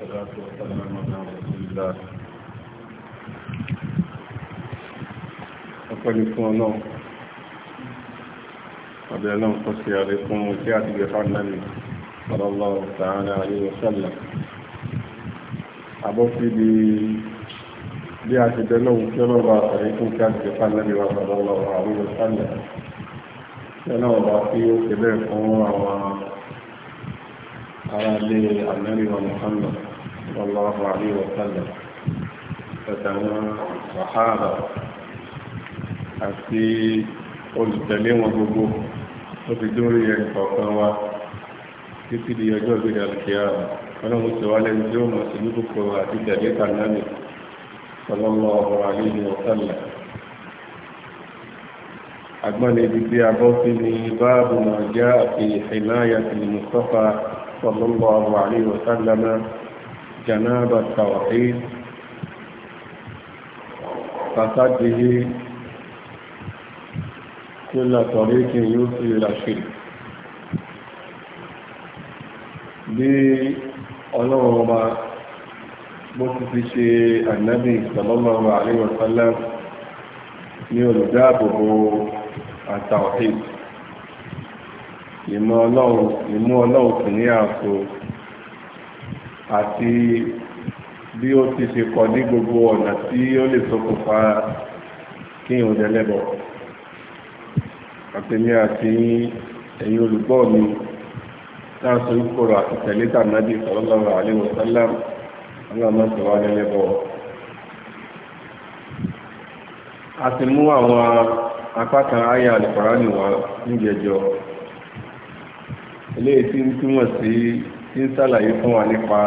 والصلاة والسلام على رسول الله ọpẹ́lú fún ọlọ́run ọ̀bẹ̀ ọlọ́run kọ́ sí ààrẹ fún ohun tí a ti gbẹ̀fà náà sallallahu ta'ala alayhi wa sallam ó ṣe fún àwọn ará ilé ànáríwá Muhammad sallallahu alaihi wa sallam àtàwọn sàhábà àti olùtẹ̀lé wọn gbogbo ó fi dórí ẹni kọ̀ọ̀kan wa títí di ọjọ́ ìgbéga kìá ọlọ́run ti wá lẹ́nu tí ó mọ̀ sí ní kòkòrò àti tẹ̀lé kànáàmì sallallahu alaihi wa sallam agbọ́nà ibi bí a bọ́ sí ni báàbù náà já àti ìhìnmáyà ti mùsọ́fà sallallahu alaihi wa sallam náà جناب التوحيد فسده كل طريق يوصل إلى الشرك bí ọlọ́run ọba bó ti fi ṣe ànábì sallallahu alaihi wa sallam ní olùdáàbòbò àtàwọ̀hìd ìmọ̀ ọlọ́run ìmú ọlọ́run kì ní ààtò àti bí ó ti ṣe kọ̀ ní gbogbo ọ̀nà tí ó lè ṣokùnfà kí n ò dẹ́lẹ́bọ̀ àtẹ̀mí àti ẹ̀yin olùgbọ́ mi láàṣọ ìkòrò àti tẹ̀lé tànàbí sallallahu alaihi wasallam aláàmọ́sọ̀rọ̀ alẹ́lẹ́bọ̀ a ti mú àwọn apákan ayé alìkọ̀rá nìwà níjẹjọ eléyìí tí ń túmọ̀ sí tí ń sàlàyé fún wa nípa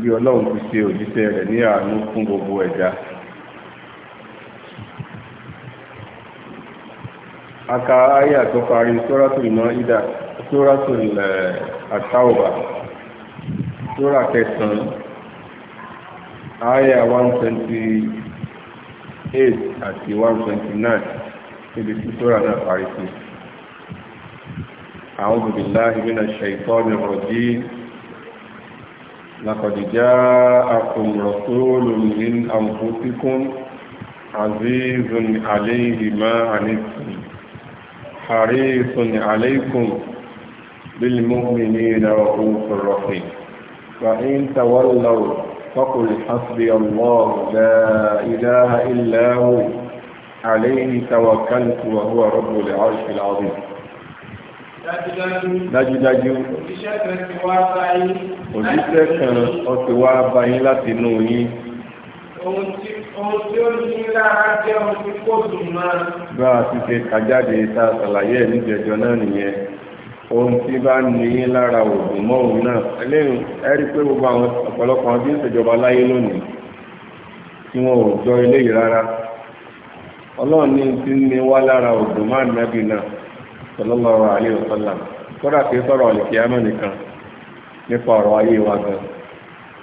bí ọlọ́run ti ṣe òjíṣẹ́ rẹ̀ ní àánú fún gbogbo ẹ̀dá aka aya tó parí sóràtùl Máídà sóràtùl eh, At-Tawbah sóra kẹsàn-án aya 128 àti 129 níbi tí sóra náà parí sí i. أعوذ بالله من الشيطان الرجيم لقد جاءكم رسول من أنفسكم عزيز عليه ما عنتم حريص عليكم بالمؤمنين رؤوف رحيم فإن تولوا فقل حسبي الله لا إله إلا هو عليه توكلت وهو رب العرش العظيم dájúdájú òjíṣẹ́ kan ti wá bá yín láti inú yín ohun tí ó ní lára jẹ́ ohun tí kò dùn máa bá a ti ṣe kàjáde ta ṣàlàyé ẹ̀ náà nìyẹn ohun tí bá ní lára òògùn mọ́ òun náà ẹlẹ́yìn ẹ rí pé gbogbo àwọn ọ̀pọ̀lọpọ̀ àwọn tí ń láyé lónìí tí wọn ò jọ eléyìí rárá ọlọ́run ní ti ní wá lára òògùn máa sallallahu alaihi wasallam kódà kí sọ̀rọ̀ àlìkíyàmọ̀ nìkan nípa ọ̀rọ̀ ayé wa gan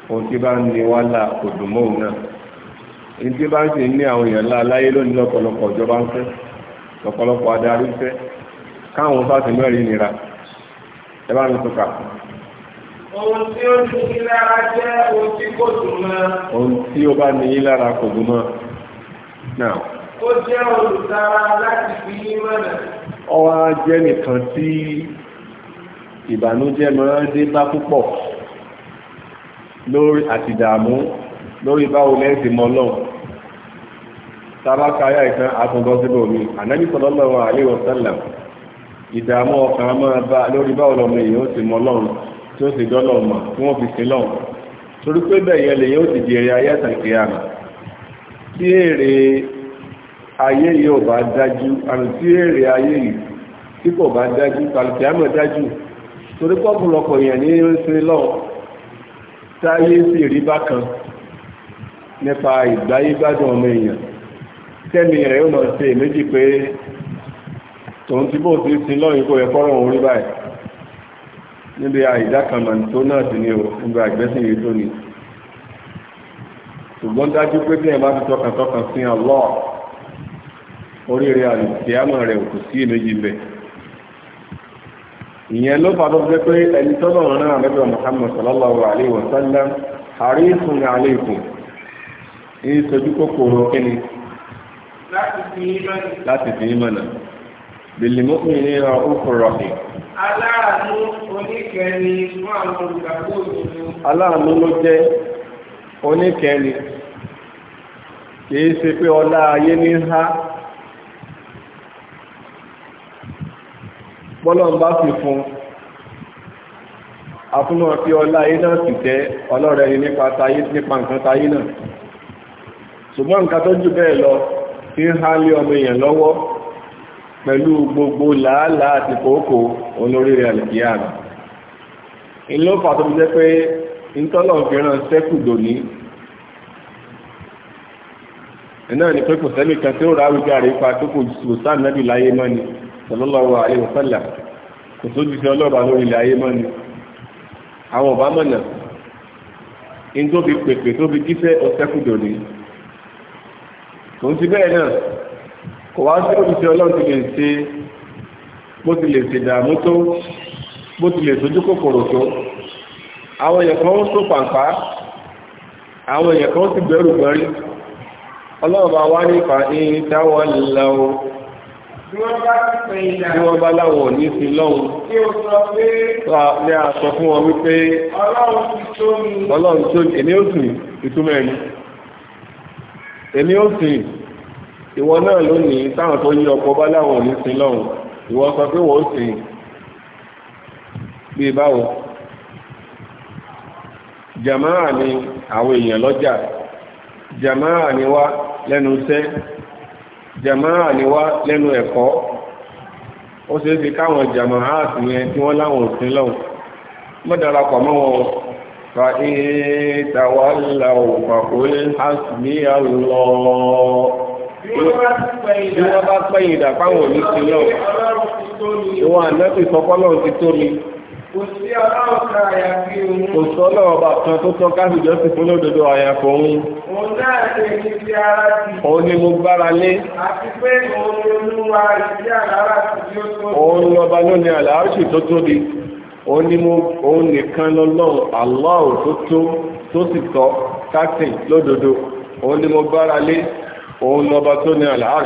ohun tí bá ń ní wá là kò dùn mọ́ òun náà ohun tí bá ń sì ní àwọn èèyàn lá aláyé lónìí lọ́pọ̀lọpọ̀ ìjọba ń fẹ́ lọ́pọ̀lọpọ̀ adarí fẹ́ káwọn fásitì mẹ́rin nira ẹ bá mi tó ohun tí ó ní yín lára jẹ́ ohun tí kò dùn mọ́. ohun tí ó bá ní yín lára kò dùn mọ́. ó jẹ́ olùtara láti fi yín mọ̀nà ọwá jẹ́ nìkan tí ìbànújẹ́ máa ń dé bá púpọ̀ lórí àti ìdààmú lórí báwo lẹ́yìn tí mọ lọ́wọ́ tábàkà ayá ìtàn àtúndọ́ síbò mi ànábì sallallahu alaihi wasallam ìdààmú ọkàn máa bá lórí báwo lọ́mọ èyí ó ti mọ lọ́wọ́ tí ó sì dọ́lọ̀ mọ̀ tí wọ́n fi sí lọ́wọ́ torí pé bẹ́ẹ̀ yẹn lèyìn ó ti di èrè ayé àtàkì àmà tí èrè ayé yìí ò bá dájú àmì tí èrè ayé yìí tí kò bá dájú kàlùkì àmọ̀ dájú torí pọ́pùlọpọ̀ èèyàn ní ṣe lọ́wọ́ táyé sì rí bákan nípa ìgbáyégbádùn ọmọ èèyàn tẹ́mi rẹ̀ ó lọ ṣe méjì pé tòun tí bó ti sin lọ́yìn kó yẹ kọ́rọ̀ òun rí báyìí níbi àìdákanmà tó náà sí ní o nígbà ìgbẹ́sìn yìí tó ní ṣùgbọ́n dájú pé bí ẹ̀ bá ti tọkàntọkàn sí Allah oríire àlùkìyàmọ̀ rẹ̀ kò sí èméjì bẹ̀ ìyẹn ló fà tó fẹ́ pé ẹni tọ́lọ̀ náà lẹ́bẹ̀ Muhammad sallallahu alaihi wa sallam àríkùn ní aleikum ní sojú kòkòrò kíni láti fi ìmọ̀nà bìlìmọ́kùn ní ra ókùn rọ̀kìn aláàánú oníkẹni fún àwọn olùgbàgbọ́ òdodo aláàánú ló jẹ́ oníkẹni kìí ṣe pé ọlá ayé ní ha bọ́lọ́n bá fi fún afúnmọ́ fi ọlá ayé náà sì tẹ́ ọlọ́rẹ̀ ni nípa tayé nípa nǹkan tayé náà ṣùgbọ́n nǹkan tó jù bẹ́ẹ̀ lọ tí ń hálé ọmọ èèyàn lọ́wọ́ pẹ̀lú gbogbo làálàá àti kòókò olórí rẹ̀ àlùkìyàmù ìlọ́fà tó fi jẹ́ pé ìtọ́lọ̀ fìíràn sẹ́kù dòní náà ni pé kò sẹ́lẹ̀ kan tí ó ráwígbà rẹ̀ pa tó kò sáà nábì láyé mọ́ sallallahu alaihi wasallam kò tó ti fi ọlọ́ba lórí ilẹ̀ ayé mọ́ni àwọn ọba mọ̀nà in tó fi pèpè tó fi jíṣẹ́ ọ̀sẹ́kùdò ni kò ń ti bẹ́ẹ̀ náà kò wá sí òṣìṣẹ́ ọlọ́run ti lè ṣe bó ti lè ṣèdààmú tó bó ti lè sojú wá nípa ní dáwọ́ lọ́wọ́ bí wọ́n bá láwọn ní fi lọ́hun tí ó sọ pé ní a sọ fún wọn wípé ọlọ́run tó ní èmi ó sìn ìtumọ̀ ẹni èmi ó sìn ìwọ náà lónìí táwọn tó yí ọkọ bá láwọn ní sin lọ́hun ìwọ sọ pé wọ́n sìn bí báwo jàmáà ni àwọn èèyàn lọ́jà jàmáà ni wá lẹ́nu iṣẹ́ jàmáà ni wá lẹ́nu ẹ̀kọ́ ó ṣe é fi káwọn jàmáà sì yẹn tí wọ́n láwọn òfin lọ́wọ́ mọ́ darapọ̀ mọ́ wọn fa ìtawà làwọn fàkólé hasbi Allah bí wọ́n bá pẹ́yìn dà fáwọn òní sí lọ́wọ́ ìwọ̀n ànábì sọpọ́lọ́ ti tó mi kò sí ọlọ́ọ̀kan àyàfi òun kò sọ́lọ́ ọba kan tó tọ́ káfíjọ́ sí fún lódodo àyàfọ́ òun Òun náà lè ní ti ara ti. Òun ni mo gbára lé. Àti pé òun ni olúwa ìdí àlárà tí ó tóbi. Òun ni ọba ló ní àlárà tó tóbi. Òun ni mo òun nìkan lọ́lọ́run aláwọ̀ tó tó tó sì tọ́ kásìn lódodo. Òun ni mo gbára lé. Òun ni ọba tó ní àlárà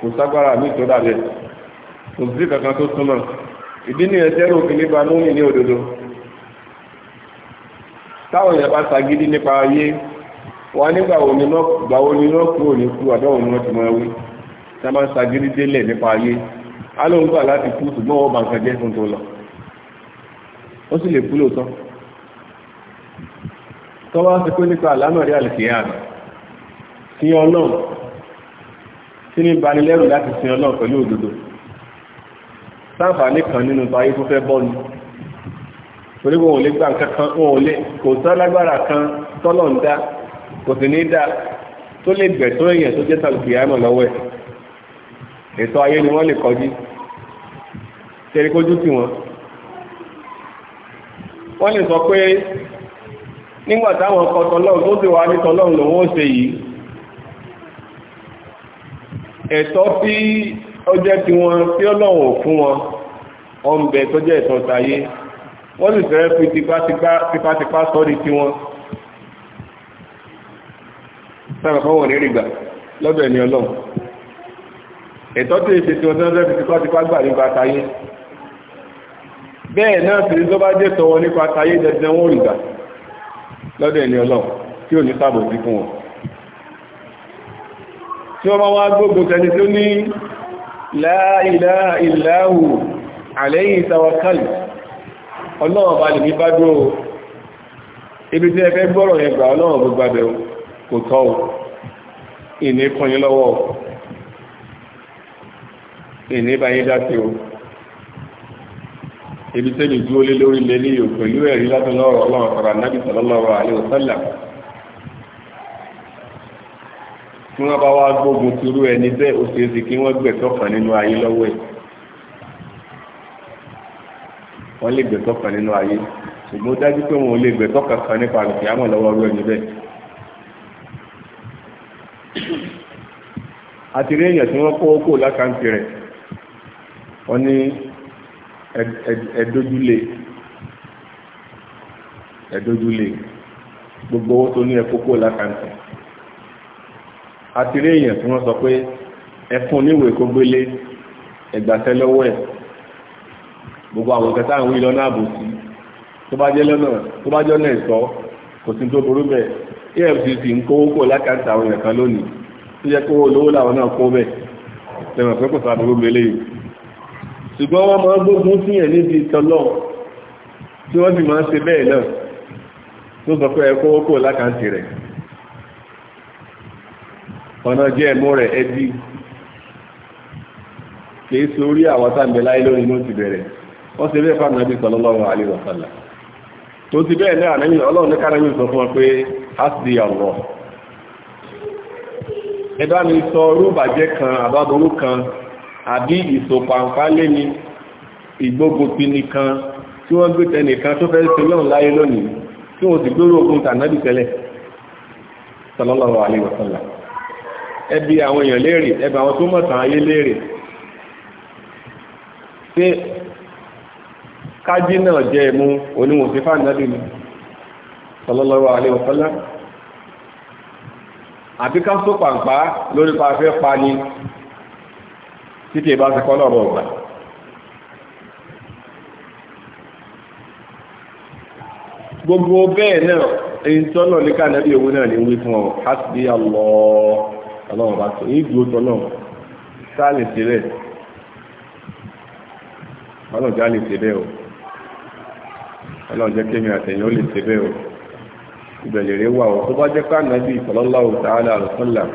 kò ságbára mi tó dàbẹ̀. Kò sí kankan tó súnmọ́. Ìdí ni ẹ̀jẹ̀ òfin nípa múmi ní òdodo. Táwọn wọn nígbà wo ni gbà wo ni lọ́kù òní kú àdáwọn ni wọ́n ti máa wí tí a máa ń sagídí délẹ̀ nípa ayé alóhùn gbà láti kú ṣùgbọ́n wọ́n bá ń sàjẹ́ fún tó lọ ó sì lè kú lóòótọ́ tó wá sí pé nípa àlánà rí àlùkìyà rẹ̀ sí ọlọ́run sí ní banilẹ́rù láti sin ọlọ́run pẹ̀lú òdodo sáǹfààní kan nínú ayé tó fẹ́ bọ́ ni torí wọn ò lè gbà kankan wọn ò lè kò sálágbára kan tọ́lọ̀ ń dá kò sì ní dá tó lè gbẹ̀tọ́ èèyàn tó jẹ́ tàbí kìámọ̀ lọ́wọ́ ẹ̀ ètò ayé ni wọ́n lè kọjú tẹ́rí kójú sí wọn wọ́n lè sọ pé nígbà táwọn ọkọ̀ tọlọ́run tó sì wà ní tọlọ́run lòun ó ṣe yìí ẹ̀tọ́ tí ó jẹ́ ti wọn tí ọlọ́run ò fún wọn ọmọbẹ tó jẹ́ ẹ̀tọ́ tayé wọ́n sì fẹ́ fi tipátipá sọ́ọ́dí tiwọn sára fọwọ́ ní rìgbà lọ́dọ̀ ẹni ọlọ́run ẹ̀tọ́ tó ṣe tí wọ́n tán lẹ́bi tipá tipá gbà nípa tayé bẹ́ẹ̀ náà sì ní tó bá jẹ́ tọwọ́ nípa tayé dandan wọn rìgbà lọ́dọ̀ ẹni ọlọ́run tí ò ní sábò sí fún wọn tí wọ́n bá wá gbogbo tẹni tó ní la ilaha illa ọlọ́run bá lè bá dúró ibi tí ẹ fẹ́ gbọ́rọ̀ yẹn gbà ọlọ́run gbogbo kò tọ́ o ìní kan yín lọ́wọ́ o ìní bá yín dá sí o ibi tẹ́lẹ̀ dúró lé lórí lé ní yòó pẹ̀lú ẹ̀rí látọ̀nà ọ̀rọ̀ ọlọ́run ọ̀rọ̀ anábì sallallahu alaihi wasallam tí wọ́n bá wá gbógun tirú ẹni bẹ́ẹ̀ ó ṣeé ṣe kí wọ́n gbẹ̀tọ́ kan nínú ayé lọ́wọ́ ẹ̀ wọ́n lè gbẹ̀tọ́ kan nínú ayé ṣùgbọ́n dájú pé wọn ò lè gbẹ̀tọ́ kankan nípa àlùkìyàmọ̀ lọ́wọ́ ọ̀rọ̀ ẹni bẹ́ẹ̀ àti rí èèyàn tí wọ́n kó kó lákàntì rẹ̀ wọ́n ní ẹ̀dójúlé ẹ̀dójúlé gbogbo owó tó ní ẹ̀kó kó lákàntì àti rí èèyàn tí wọ́n sọ pé ẹ̀fún níwèé kó gbélé ẹ̀gbàtẹ́ lọ́wọ́ ẹ̀ gbogbo àwọn kẹta àwọn ìlọ́nà àbòsí tó bá jẹ́ lọ́nà tó bá jọ́nà ẹ̀sọ́ kò sí tó burú bẹ́ẹ̀ efcc ń kówó kó lákàntì àwọn èèyàn lónìí tó yẹ kó olówó làwọn náà kó sàdúró yìí ṣùgbọ́n wọ́n máa gbógun sí ẹ̀ níbi ìtọ́lọ́ tí wọ́n sì máa ṣe bẹ́ẹ̀ náà tó sọ pé kó lákàntì rẹ̀ ọ̀nà jẹ́ ẹ̀mú rẹ̀ ẹbí kìí sí àwọn táàbẹ̀ láyé lórí ló ti bẹ̀rẹ̀ wọ́n ṣe ti bẹ́ẹ̀ náà ọlọ́run ní kára fún wọn pé sì ẹ bá mi sọ rúbàjẹ́ kan àbábọrú kan àbí ìsòpàǹfálé ni ìgbógunpini kan tí wọ́n gbé tẹnìkan tó fẹ́ ṣe lọ́run láyé lónìí tí wọ́n sì gbóró ogun tànàbì tẹ́lẹ̀ sallallahu alaihi wasallam ẹbí àwọn èèyàn léèrè ẹbí àwọn tó mọ̀tàn ayé léèrè pé kájí náà jẹ́ ẹ̀mú oníwòsífà nàbì ni sallallahu alaihi wasallam àbí ká só pàǹpá lórí pa fẹ́ pa ni tí kìí bá ti kọ́ lọ́rọ̀ ọ̀gbà gbogbo bẹ́ẹ̀ náà èyí tí ọ̀nà ní ká nàbí owó náà ní wí fún ọ hasbi Allah ọlọ́run bá sọ ìdúró tọ́nà sáà lè ṣe rẹ̀ ọlọ́run já lè ṣe bẹ́ẹ̀ o ọlọ́run jẹ́ kémi àtẹ̀yìn ó lè ṣe bẹ́ẹ̀ o ìbẹ̀lẹ̀rẹ̀ wà ó tó bá jẹ́ pé ànábì sallallahu ta'ala alaihi wasallam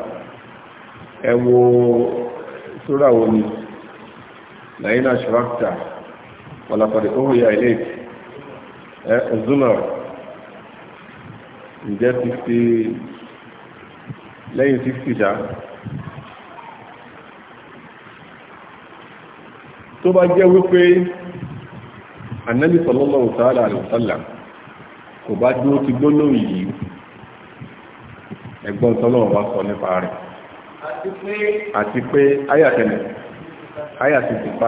ẹ wo sóra wo ni lẹ́yìn ashrakta walaqad uhiya ilayk ẹ Zumar ǹjẹ́ sixty lẹ́yìn sixty dá tó bá jẹ́ wípé ànábì sallallahu ta'ala alaihi kò bá dúró ti gbólóhùn yìí ẹ̀gbọ́n tọ́lọ́wọ́ bá sọ nípa rẹ̀ àti pé ayàtẹ̀lẹ̀ ayàtẹ̀lẹ̀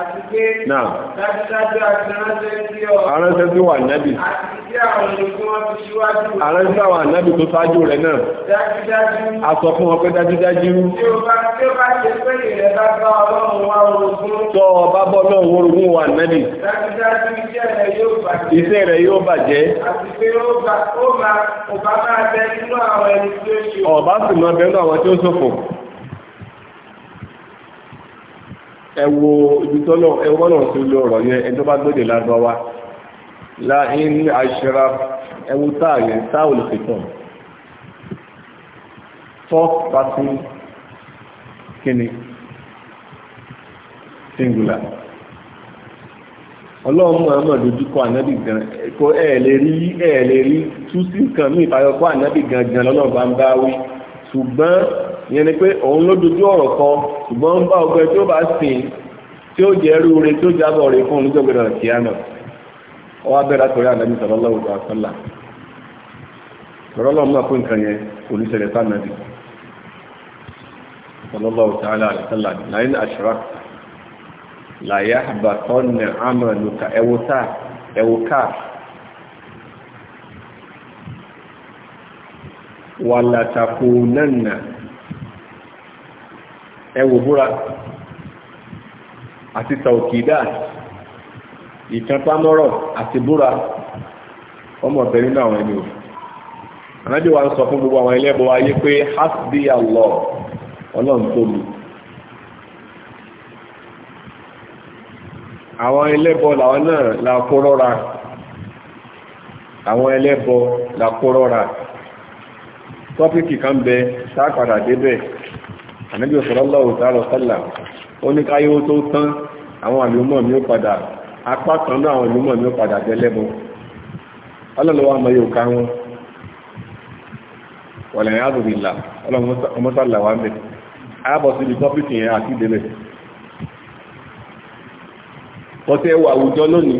àti pé dájúdájú àti ránṣẹ́ sí ọ. aránṣẹ́ sí wà nábì. àti sí àwọn olùkọ́ wọn ti ṣíwájú. aránṣẹ́ àwọn ànábì tó ṣáájú rẹ̀ náà. dájúdájú. a sọ fún wọn pé dájúdájú. tí o bá tí o bá ṣe pé ìrẹ̀ bá bá ọlọ́run wá orogún. tọ́ ọ bá bọ́ náà orogún wà nábì. iṣẹ́ rẹ̀ yóò bàjẹ́. ọba sì máa bẹ nínú àwọn tí ó ṣòfò. ẹwọ ibitọ́nà ẹwọ́nà tó lọ ọ̀rọ̀ yẹn ẹjọ́ bá gbọ́dẹ̀ lágbàwá láàrin àṣírà ẹwọ táàyẹ táwọn olùfẹ́tàn fourth person kíni singular ọlọ́run muhammed dojúkọ ànábì gan ẹ̀kọ́ ẹ̀ lè rí ẹ̀ lè rí tú sí nǹkan mí ìtayọkọ ànábì gan gan lọ́nà bá ń bá wí ṣùgbọ́n ìyẹn ni pé òun ló dojú ọ̀rọ̀ kan ṣùgbọ́n bá ọgbẹ́ tí ó bá sìn tí ó jẹ́ ẹrú tí ó jábọ̀ rẹ̀ fún oníjọ́gbẹ̀rẹ̀ kíá ọwọ́ abẹ́rẹ́ àtọ́rí fún nǹkan yẹn láyín àṣírà láyé àbàtọ́ ní ẹwò búra àti tàòkìdá ìkanpamọ́rọ̀ àti búra ọmọbìnrin náà wọn ẹni o anábì wa ń sọ fún gbogbo àwọn ẹlẹ́bọ ayé pé hasbi Allah ọlọ́run tó mi àwọn ẹlẹ́bọ làwọn náà la àwọn ẹlẹ́bọ la tọ́pìkì kan bẹ sáà padà débẹ̀ ànábì sallallahu ta'ala sallam ó ní káyé ó tó tán àwọn àlùmọ̀ mi ó padà apá kan náà àwọn àlùmọ̀ mi ó padà tẹ́lẹ́bọ ọlọ́lọ́wọ́ àmọ́ yóò ká wọn wọ̀lẹ̀ yẹn àdùn ìlà ọmọsàlà wa mẹ́ ààbọ̀ sí ibi yẹn àti ìdẹ́lẹ̀ ọ̀tẹ́ ẹwà àwùjọ lónìí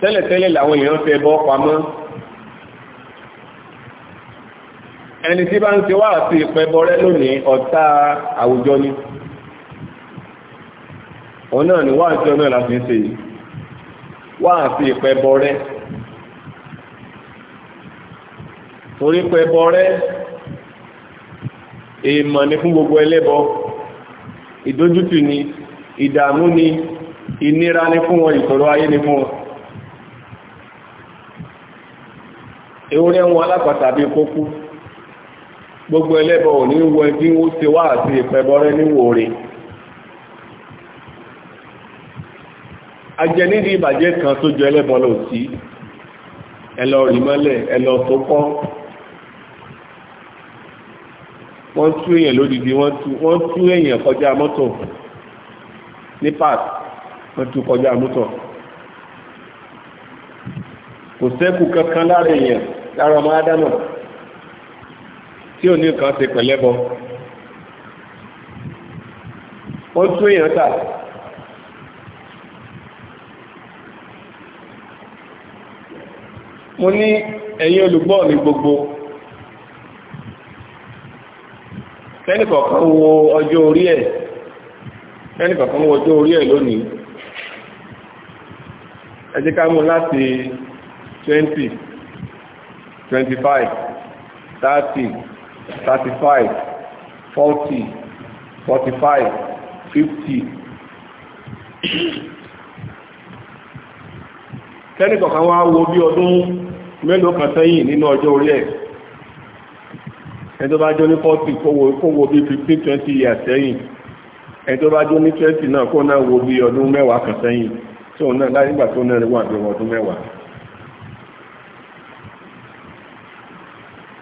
tẹ́lẹ̀tẹ́lẹ̀ làwọn èèyàn fẹ́ bọ́ pamọ́ ẹni tí bá ń ṣe wá àti ìpẹbọrẹ lónìí ọ̀tá àwùjọ ni òun náà ni wá àti ọ̀nà láti ṣe yìí wá àti ìpẹbọrẹ torí pẹbọrẹ èèmọ̀ ni fún gbogbo ẹlẹ́bọ ìdójútì ni ìdààmú ni ìnira ni fún wọn ìṣòro ayé ni fún wọn ewúrẹ́ wọn alápàtà kókú gbogbo ẹlẹ́bọ̀ ò ní wọ ẹbí wó ti wá àti ìpẹbọrẹ́ níwò rẹ̀ ajẹ́ nídi ìbàjẹ́ kan tó jọ ẹlẹ́bọ̀ lọ sí ẹlọ rí mọ́lẹ̀ ẹlọ tó kọ́ wọ́n tú èèyàn lódìdí wọ́n tú èèyàn kọjá mọ́tò ní park wọ́n tú kọjá mọ́tò kò sẹ́kù kankan lára èèyàn lára ọmọ ádámọ̀ tí ò ní nǹkan ṣe pẹ̀lẹ́bọ ó tún èèyàn tà mo ní ẹ̀yin olùgbọ́ mi gbogbo ẹnìkọ̀ọ̀kan wo ọjọ́ orí ẹ̀ ẹnìkọ̀ọ̀kan wo ọjọ́ orí ẹ̀ lónìí ẹ ká mú láti 20 25 30 Thirty-five, forty, forty-five, fifty. 50 kẹ́nìkọ̀kan wá wo bí ọdún mélòó kan sẹ́yìn nínú ọjọ́ orí ẹ̀ ẹni tó bá jó ní 40 kó wo bí 15 twenty years sẹ́yìn ẹni tó bá jó ní 20 náà kó náà wo bí ọdún mẹ́wàá kan sẹ́yìn tó náà láyé ìgbà tó náà wà bí ọdún mẹ́wàá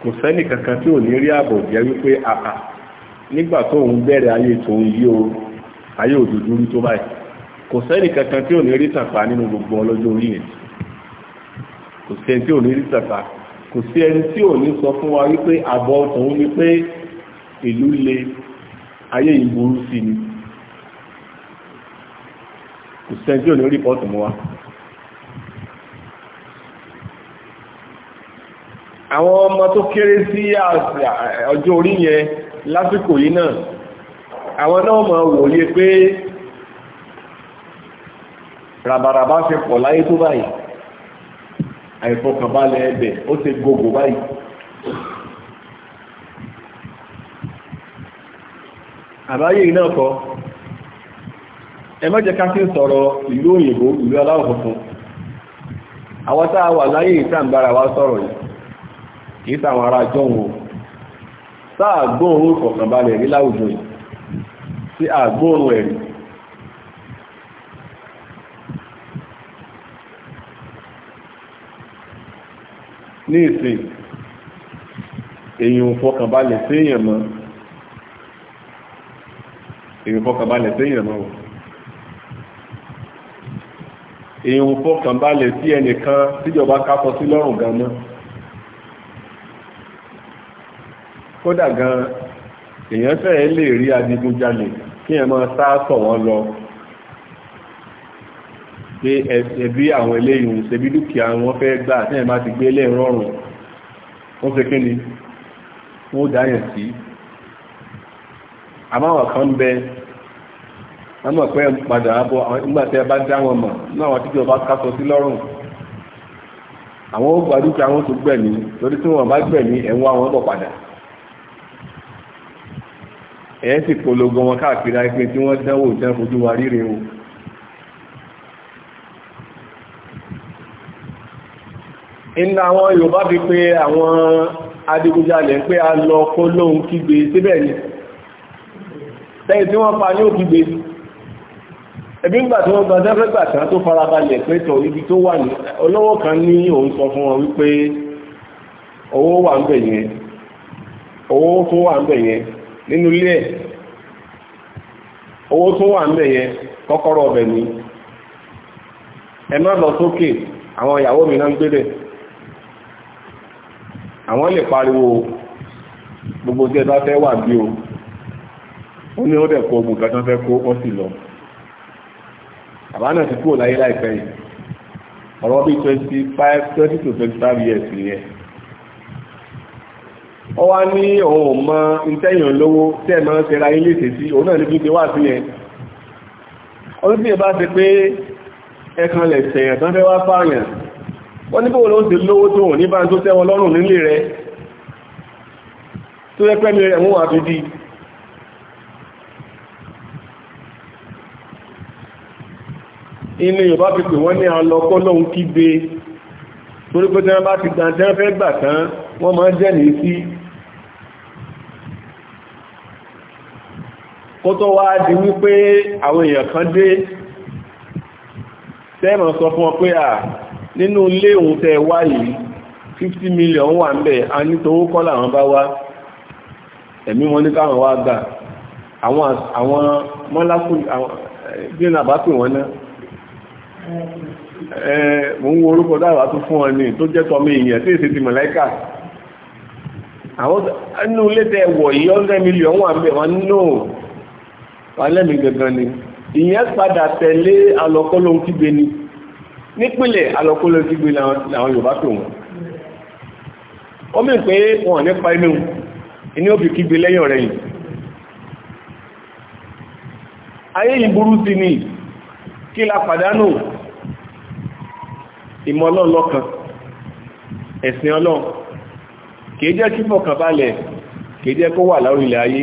kò sẹ́nì kankan tí ò ní rí ààbò jẹ́ wípé àà nígbà tóun bẹ̀rẹ̀ ayé tóun yí o ayé òdúdú rí tó báyìí kò sẹ́nì kankan tí ò ní rí tàpá nínú gbogbo ọlọ́jọ́ orí yẹn kò sí ẹni tí ò ní rí tàpá kò sí ẹni tí ò ní sọ fún wa wípé àbọ̀ tóun ni pé ìlú le ayé yìí burú sí ni kò sẹ́ni tí ò ní rí pọ́ọ̀tù mọ́ wa. àwọn ọmọ tó kéré sí ọjọ́ orí yẹn lásìkò yìí náà àwọn náà mọ̀ wòye pé ràbàràbà ṣe pọ̀ láyé tó báyìí àìfọkànbalẹ̀ ẹbẹ̀ ó ṣe gbogbo báyìí àbáyé iná kọ ẹ má ká sọ̀rọ̀ ìlú òyìnbó ìlú aláwọ̀ àwọn a wà láyé wa sọ̀rọ̀ yìí kìí sàwọn ará jọun o sáà gbóòrùn ìfọ̀kànbalẹ̀ rí láwùjọ yìí sí àgbóòrùn ẹ̀rí ní ìsìn èyàn fọkànbalẹ̀ sí èyàn mọ́ èyàn fọkànbalẹ̀ sí èyàn mọ́ o èyàn fọkànbalẹ̀ sí ẹnìkan tíjọba kápọ̀ sí lọ́rùn gan mọ́ kódà gan èèyàn fẹ́ẹ̀ lè rí adigunjalè kí ẹ máa sá sọ wọn lọ pé ẹbí àwọn eléyìí ṣebí dúkìá wọn fẹ́ gbà tí ẹ má ti gbé lẹ́ẹ̀ rọrùn wọ́n fi kí ni wọ́n dáyàn sí àmáwọn kan bẹ àmọ́ pé padà bọ̀ nígbàtí ẹ bá dá wọn mọ̀ ní àwọn tíjọ bá kásọ sí lọ́rùn àwọn ó dúkìá wọn tó gbẹ̀mí lórí tí wọn bá gbẹ̀mí ẹ̀wọ̀n àwọn bọ̀ padà ẹ̀yẹ́ sì polongo wọn káàkiri àìpé tí wọ́n dánwò jẹ́ fojú wa ríre o iná àwọn Yorùbá fi pé àwọn adigunjalè ń pé a lọ kó lóhun kígbe síbẹ̀ ni tẹ́yìn tí wọ́n pa ní òkígbe ẹbí ń gbà tí wọ́n gbọ́n tẹ́fẹ́ gbà tán tó farabalẹ̀ pé tọ̀ ibi tó wà ní olówó kan ní òun sọ fún wọn wípé owó wà ń bẹ̀ yẹn owó tó wà ń bẹ̀ yẹn nínú ilé ẹ̀ owó tó wà ń bẹ̀yẹ kọ́kọ́rọ́ ọbẹ̀ ni ẹ má lọ sókè àwọn ìyàwó mi pariwo gbogbo tí ẹ bá fẹ́ wà bí o ó ní ó dẹ̀ kó ogun kan tó fẹ́ kó ó sì lọ àbá náà ti kúrò láyé láìpẹ́ yìí ọ̀rọ̀ years nìyẹn ó wá ní òun ò mọ ìtẹ́yàn lówó tẹ́ mọ́ ṣe ra ilé ìsẹ̀sí òun náà ní bí ti wà sí yẹn ọdún tí ìbá ṣe pé ẹkan lẹ̀ tẹ̀yàn tán fẹ́ wá fáàyàn wọ́n ní bóò ló ń ṣe lówó tó ní bá ń tó tẹ́wọn lọ́rùn nílé rẹ tó yẹ pẹ́mi rẹ̀ wọ́n wà fi di inú Yorùbá fi pè wọ́n ní alọ́kọ́ lóhun kígbe torí pé tí wọ́n bá ti gbà tán wọ́n máa jẹ́ nìí sí kó tó wá di wípé àwọn èèyàn kan dé tẹ́mọ̀ sọ fún ọ pé à nínú ilé òun tẹ́ wá yìí 50 million wà ń bẹ̀ a ní tówó kọ́ làwọn bá wá ẹ̀mí wọn ní káwọn wá gbà àwọn mọ́lákù àwọn ilé tẹ́ wọ̀ yìí 100 million wà ń alẹ́mì gangan ni ìyẹn padà tẹ̀lé alọ́kọ́lọ́ kígbe ni nípìnlẹ̀ alọ́kọ́lọ́ kígbe làwọn Yorùbá tó wọn ó mì pé wọn nípa inú inú òbí kígbe lẹ́yìn ọ̀rẹ́ yìí ayé yìí burú sí ni kí la pàdánù ìmọ̀ ọlọ́run lọ́kàn ẹ̀sìn ọlọ́run kìí jẹ́ kí fọkànbalẹ̀ kìí jẹ́ kó wà láorílẹ̀ ayé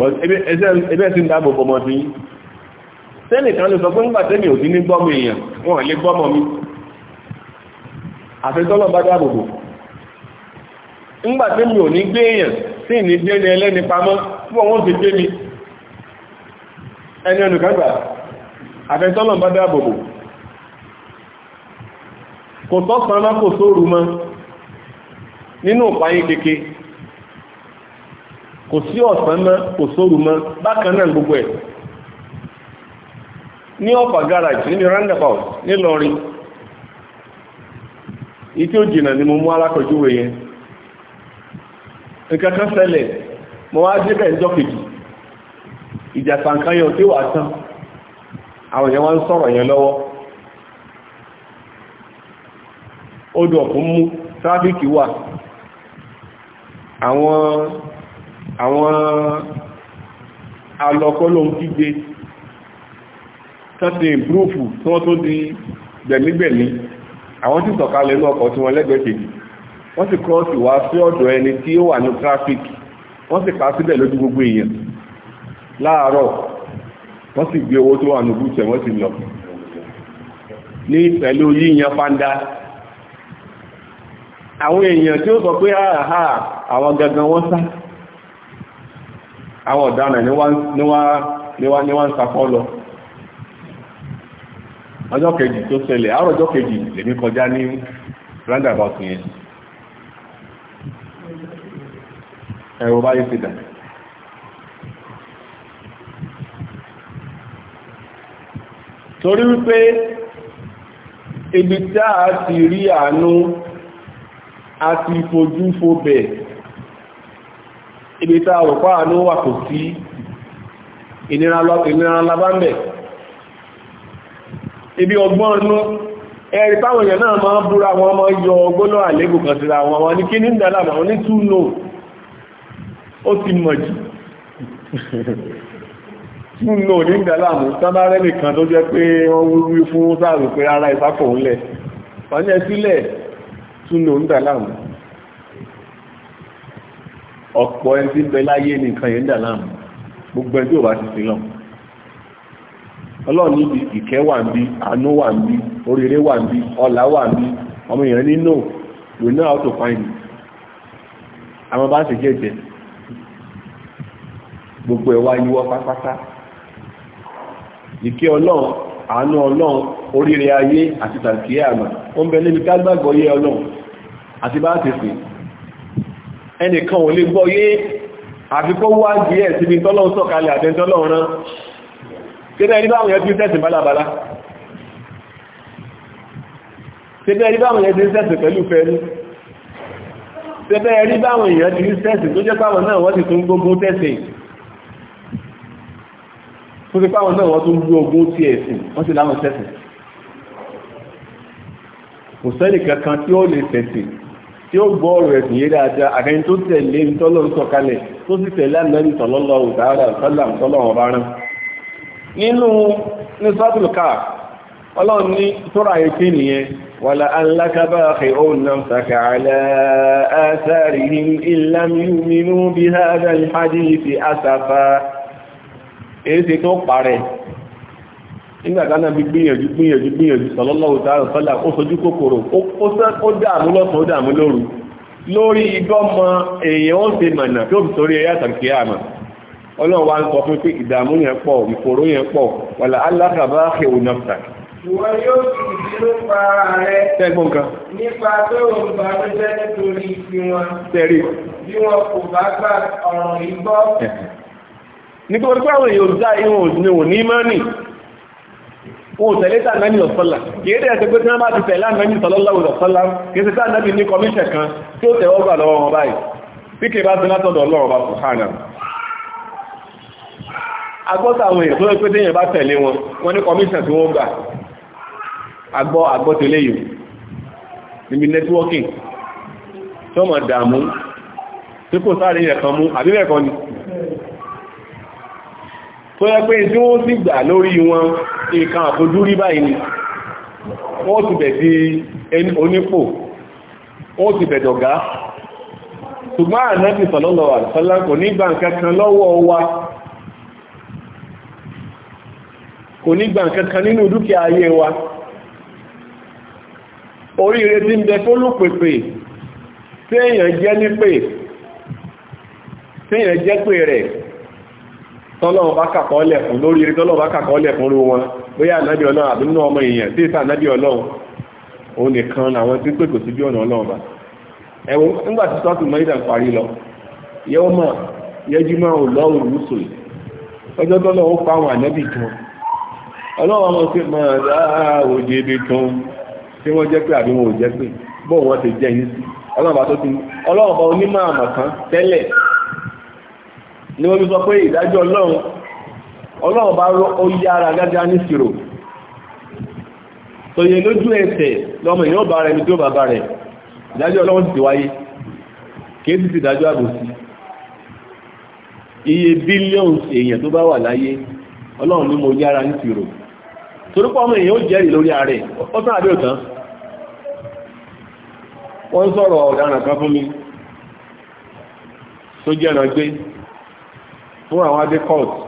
but ẹgbẹ́ sí ń dáàbò bọmọ sí yí sẹ́nì kan lè sọ pé nígbà tẹ́mi ò sí ní gbọ́mọ èèyàn wọ́n lè gbọ́mọ mi àfẹ́tọ́lọ́ bá dáàbò bò nígbà tẹ́mi ò ní gbé èèyàn sí ní gbé ní ẹlẹ́ni pamọ́ fún ọwọ́n ti gbé mi ẹni ọdún kan gbà àfẹ́tọ́lọ́ bá dáàbò bò kò tọ́sán má kò sóoru mọ́ nínú ìpáyé kékeré kò sí ọ̀sán mọ́ kò sóru mọ́ bákan náà gbogbo ẹ̀ ní ọ̀fà garage níbi roundabout nílọrin ìtí ó jìnà ni mo mú alákọ̀júwe yẹn nǹkan kan mo wá débẹ̀ ìjọ kejì ìjà sàǹkáyọ̀ tí wà tán àwọn èèyàn wá ń sọ̀rọ̀ yẹn lọ́wọ́ odò àwọn alọ́kọ́lọ́ gbígbé tán ti tí wọ́n tó di àwọn tí sọ̀kalẹ̀ inú ọkọ̀ tí wọ́n lẹ́gbẹ̀ẹ́ wọ́n sì kọ́ọ̀sì wá sí ọ̀dọ̀ ẹni tí ó wà ní tráfíkì wọ́n sì pa síbẹ̀ láàárọ̀ wọ́n sì gbé owó tó wà àwọn ọ̀daràn ni wọ́n ń sapọ́ lọ ọjọ́ kejì tó ṣẹlẹ̀ àárọ̀ ọjọ́ kejì lèmi kọjá ní roundabout yẹn ẹ̀rọ báyé ti dà torí wípé ibi tí a ti rí àánú a ti fojú fo bẹ́ẹ̀ ibi tá a rò pa àánú wà kò sí ìnira labámbẹ̀ ibi ọgbọ́n inú ẹ̀rí táwọn èèyàn náà máa ń búra wọn máa yọ ọgbọ́nà àlébù kan síra wọn wọn ní kí ní ìdálàmà wọn ní túnú ó ti mọ̀ jù túnú ní ìdálàmù sábárẹ́ nìkan tó jẹ́ pé wọ́n wúrú fún sáàrù pé ara ìsákò ńlẹ̀ wọ́n ní ẹ sílẹ̀ túnú ìdálàmù ọ̀pọ̀ ẹni tí bẹ láyé nìkan yẹn dà gbogbo ẹni tí ò bá ti sí lọ ọlọ́run níbi ìkẹ́ wà ń bí ọlá wà ń bí ọmọ èèyàn nínú no know gbogbo ẹ̀wà pátápátá ìkẹ́ ọlọ́run àánú ọlọ́run oríire ayé àti àmà ó ń bẹ níbi ẹnìkan ò lè gbọ́ yé àfikọ́ wá díẹ̀ síbi tọ́lọ́run sọ̀kalẹ̀ àtẹ́ntọ́lọ́run rán tẹ́bẹ́ ẹni báwọn yẹn ti sẹ́sìn bálabàlá tẹ́bẹ́ ẹni báwọn yẹn ti sẹ́sìn pẹ̀lú fẹ́ẹ́lú tẹ́bẹ́ ẹni báwọn èèyàn ti sẹ́sìn tó jẹ́ páwọn náà wọ́n ti tún gbógun tẹ́sìn tó ti páwọn náà wọ́n tún gbógun tí ẹ̀sìn wọ́n ti láwọn sẹ́sìn kò sẹ́nì kankan tí ó lè sẹ́sìn tí ó gbọ́ ọ̀rọ̀ ẹ̀sìn yé dáadáa àrẹ́ni tó tẹ̀lé ìtọ́lọ́ sọ̀kalẹ̀ tó sì tẹ̀lé ànábì tọ̀lọ́lọ́ òtàrà sálà tọ́lọ́ ọ̀bá rán nínú ní sọ́tùlù káà ọlọ́run ní sọ́rọ̀ àyèké nìyẹn wàlà alákábà ọ̀hún náà nígbàtá náà bí gbìyànjú gbìyànjú gbìyànjú sallallahu ta'ala sọ́lá ó sojú kòkòrò ó dààmú lọ́sàn ó dààmú lóru lórí ìgbọ́mọ èèyàn ó ṣe mọ̀nà tó fi sórí ẹ̀yà tàbí kíyàmà ọlọ́run wa ń sọ fún pé ìdààmú yẹn pọ̀ ìfòró yẹn pọ̀ wàlà alákàbá kẹwù náà Ìwọ́n yóò fi ìdínú pa rẹ̀. Tẹ́gbọ́n kan. Nípa tó ń bá tó jẹ́ nítorí ti wọn. Tẹ́rí. Bí wọn kò bá gbà ọ̀rọ̀ yìí gbọ́. Nítorí pé àwọn èèyàn ò dá ìwọ̀n òní mọ́nì wọn ò tẹ̀lé tà náà ní ọ̀sọ́là kìí dẹ̀ ṣe pé tí wọ́n bá ti tẹ̀lé ànábì sọlọ́láwò ọ̀sọ́lá kìí ṣe tà náà ní kọmíṣẹ̀ kan tí ó tẹ̀wọ́ gbà lọ́wọ́ wọn báyìí bí kìí bá sinátọ̀ ọlọ́run ọba sùhánà agbọ́ta àwọn èèyàn tó rẹ̀ pé téèyàn bá tẹ̀lé wọn wọ́n ní kọmíṣẹ̀ tí wọ́n gbà agbọ́ networking tó mọ̀ dààmú tí kò sáré yẹ̀ kan mú àbí tó yẹ pé tí wọ́n sì gbà lórí wọn nǹkan àfojúrí báyìí ni wọ́n ti bẹ̀ sí onípò wọ́n ti bẹ̀ dọ̀gá ṣùgbọ́n ànábì sallallahu alaihi wasallam kò ní lọ́wọ́ wa kò ní gbà kankan nínú dúkìá ayé wa oríire tí ń bẹ fólúpèpè tí èèyàn jẹ́ nípè tí èèyàn jẹ́ pè rẹ̀ tọ́lọ́wọ́ bá kàkọ́ lẹ̀kùn lórí eré tọ́lọ́wọ́ bá kàkọ́ lẹ̀kùn wọn bóyá ànábì ọlọ́run àbí nínú ọmọ èèyàn tí ìta ànábì ọlọ́run òun nìkan làwọn tí pèkò sí bí ọ̀nà ọlọ́run bá ẹ̀wọ̀n nígbà tí sọ́ọ̀tù lọ ọjọ́ tọ́lọ́wọ́ pa àwọn ànábì kan ọlọ́run ọmọ sí máa dá ebi kan tí wọn ò jẹ́ pé wọn ti jẹ́ yín sí ọlọ́run bá tó ni wọ́n fi sọ pé ìdájọ́ ọlọ́run ọlọ́run bá rọ ó gágá ní ìṣirò tòye lójú ẹsẹ̀ lọ́mọ èèyàn bá rẹ̀ tó bàbá rẹ̀ ìdájọ́ ọlọ́run ti wáyé kìí ti dájọ́ àbòsí iye billions èèyàn tó bá wà láyé ọlọ́run ní mo yára ní ìṣirò torípọ̀ ọmọ èèyàn ó lórí ààrẹ wọ́n sọ̀rọ̀ ọ̀daràn kan fún mi tó fún àwọn adékọ́ọ̀tù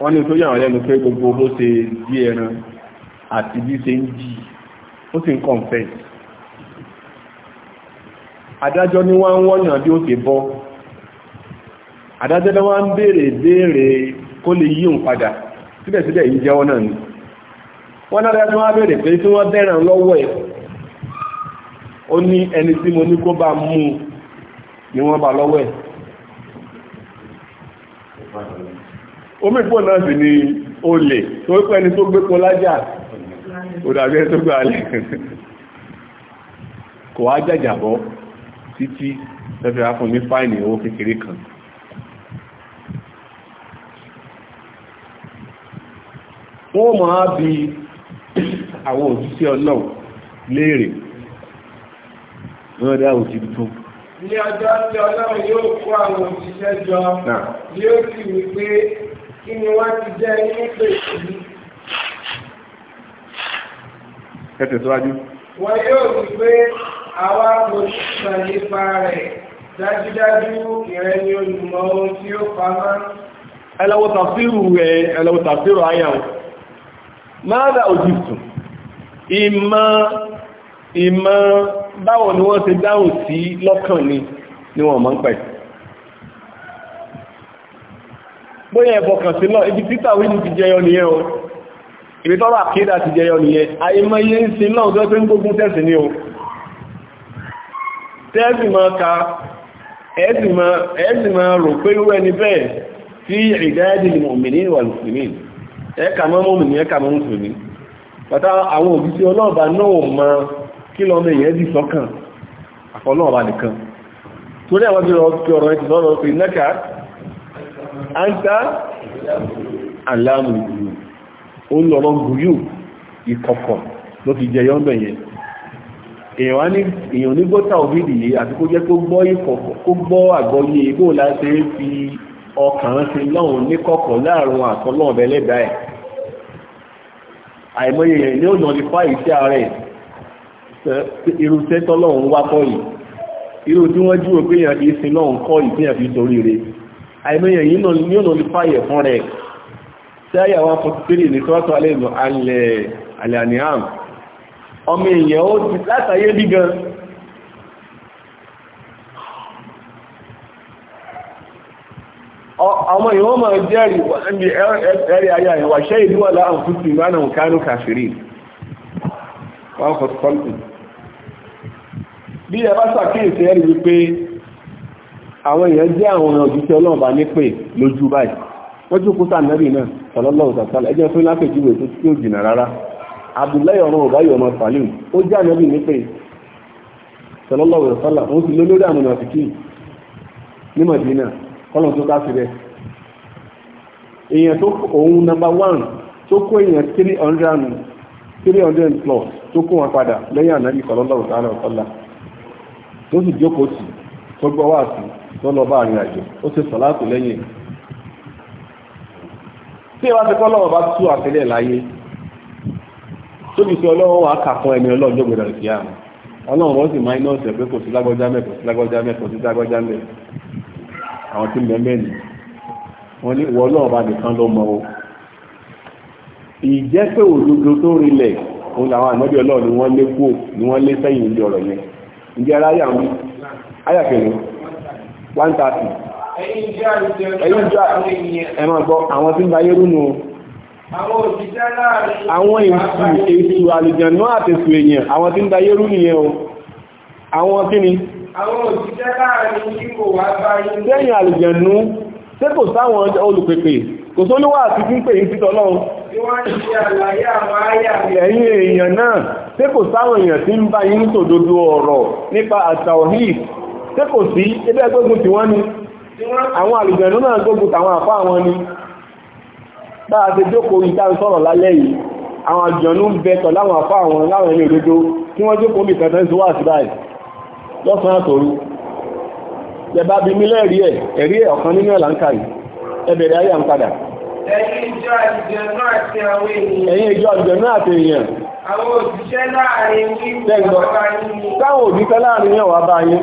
wọ́n ni tó yàwọn lẹ́nu pé gbogbo bó ṣe ẹran àti bí ṣe ń jí ó sì ń confess adájọ́ ni wọ́n ń bí ó ṣe bọ́ adájọ́ wọ́n ń béèrè kó lè yí òun padà síbẹ̀síbẹ̀ ni wọ́n náà wọ́n pé tí wọ́n bẹ̀rẹ̀ lọ́wọ́ ẹ̀ ó ní ẹni tí mo ní kó bá mú omi pò náà sì ni olè tó pẹ́ ni tó gbé kun lájà ó dàbí ẹni tó gbé alẹ́ kò wá jàjàbọ́ títí lọ́fẹ́ wá fún ní fáìnì owó kékeré kan wọ́n máa bi àwọn òjíṣẹ́ ọlọ́run léèrè lọ́dá òjìbí tó ní ọjọ́ tí ọlọ́run yóò kó àwọn òjíṣẹ́ jọ yóò sì wípé kí ni wọ́n ti jẹ́ nípe ìlú. ẹ tẹ̀síwájú. wọn yóò rí pé àwa kò ní sàn nípa rẹ̀ dájúdájú ìrẹ́ ni olùmọ̀ ohun tí ó pamọ́. ẹ lọ́wọ́ tàfírù rẹ̀ ẹ lọ́wọ́ tàfírù ayàwó máàdà òjìtù ìmọ̀ ìmọ̀ báwo ni wọ́n ti dáhùn sí lọ́kàn ni ni wọ́n mọ̀ ń pẹ̀lú bóyá ẹ̀bọ̀kàn sí náà ibi títà wíjì ti jẹyọ nìyẹn o ibi tọ́rọ àkídà ti jẹyọ nìyẹn àìmọ̀ iye ń sin náà tó pé ń gbógun tẹ́sì ní o tẹ́sì máa ka ẹ̀ẹ́sì máa rò pé irú ẹni bẹ́ẹ̀ tí ìdáyẹ́dì ni mọ̀mìnì wà lùsùmí ẹ̀ẹ́kà mọ́ mọ́mìnì ẹ̀ẹ́kà mọ́ mùsùlùmí pátá àwọn òbí tí ọlọ́ọ̀bà náà àńtá àlámù ìlú ó ń lọ́rọ̀ gúyù ìkọ̀kọ̀ ló fi jẹyọ́ bẹ̀yẹn èèyàn nígbọ́ta òbídì yìí àti kó jẹ́ kó gbọ́ ìkọ̀kọ̀ kó gbọ́ àgbọ́yé bó láti fi ọkàn ti lọ́hùn níkọ̀kọ̀ láàrin àtọ́lọ́ ọ̀bẹ̀lẹ́dà ẹ̀ àìmọye yẹn ni ó nà nípa ìṣẹ́ ààrẹ irúṣẹ́ tọ́lọ́hùn wá kọ́ yìí irú tí wọ́n júwò pé yàn fi sin lọ́hùn kọ́ yìí fi hàn fi torí rẹ̀ àìmọye yìí ní ọ̀nà olùfàyẹ̀ fún rẹ̀ tí a yàwọn fọ́tífẹ́rì ní tọ́tọ́ alẹ́nu alẹ́ àníhàn ọmọ èèyàn ó ti látàyé bí gan ọmọ èèyàn ó máa jẹ́rì ẹ̀rì ayé àyẹ̀wà ṣẹ́ ìlú wà láàrín fútù ìmánà kánú kàfìrí wọ́n fọ́tífọ́lù bí ẹ bá sàkíyèsí ẹ̀rì wípé àwọn èèyàn jẹ́ àwọn òjíṣẹ́ ọlọ́run bá ní pé lójú báyìí wọ́n tún kú sànẹ́bì náà sallallahu sàtàlẹ̀ ẹjọ́ fún lápèjúwe tó tí ò jìnà rárá Abdullahi ọmọ ọ̀báyì ọmọ Salim ó jẹ́ ànẹ́bì ní pé sallallahu sàtàlẹ̀ òun sì ló lórí àwọn ọ̀sìkì ní Madina kọ́lọ̀ tó ká síbẹ̀ èèyàn tó òun number one tó kó èèyàn three hundred three hundred plus tó kó wọn padà lẹ́yìn ànẹ́bì tó lọ bá àrin àjò ó ti sọ láti lẹ́yìn tí ìwà ti kọ́ lọ́wọ́ bá tú àtẹ́lẹ̀ láyé tóbi tí ọlọ́wọ́ wà kà fún ẹni ọlọ́jọ́ gbọdọ̀ sí àmì ọlọ́run wọ́n sì máa iná ọ̀sẹ̀ pé kò sí lágbọ́já mẹ́ kò sí lágbọ́já mẹ́ kò sí lágbọ́já mẹ́ àwọn tí mẹ́mẹ́ nì wọ́n ní ìwọ ọlọ́run bá nìkan ló mọ o ìjẹ́ pé òdodo tó rinlẹ̀ òun làwọn ànábì ọlọ́run ni wọ́n lé kúò ni wọ́n lé sẹ́yìn ilé ọ̀rọ̀ yẹn ǹjẹ́ ara yà ń bí ayàkẹ́lẹ́ one thirty. ẹ̀yin jẹ́ àjẹ́ ẹ̀mọ̀ gbọ́ àwọn tí ń bá yẹ́rù nù. àwọn òṣìṣẹ́ láàrin. àwọn èsù èsù àlùjànnú àtẹ̀sù èèyàn àwọn tí ń bá yẹ́rù nìyẹn o. àwọn kí ni. àwọn òṣìṣẹ́ láàrin tí kò wá báyìí. kò sáwọn olùpèpè kò sólúwà àti pípè yìí títọ́ lọ́wọ́. tí èèyàn náà ṣé kò sáwọn èèyàn tí ń bá yín sòdodo ọ̀rọ̀ nípa àtàwọ̀hìn tí kò sí ẹgbẹ́ gbógun tí wọ́n ni àwọn àlùjẹ̀nú náà gbógun tàwọn àfá àwọn ni bá a ti jókòó ìta sọ̀rọ̀ lálẹ́ yìí àwọn àlùjẹ̀nú bẹ̀tọ̀ láwọn àfá àwọn láwọn ẹni òdodo tí wọ́n jókòó bí kẹta sí wà sí báyìí lọ́sàn àtòru ẹ̀bá bí mílẹ̀ rí ẹ̀ ẹ̀rí ọ̀kan nínú ẹ̀ láǹkà yìí ẹbẹ̀rẹ̀ ayé àǹpadà ẹ̀yin ìjọ àlùjẹ̀nú àti àwọn èèyàn ẹ̀yin ìjọ àlùjẹ̀nú àti èèyàn àwọn òṣìṣẹ́ láàrin yín wà bá yín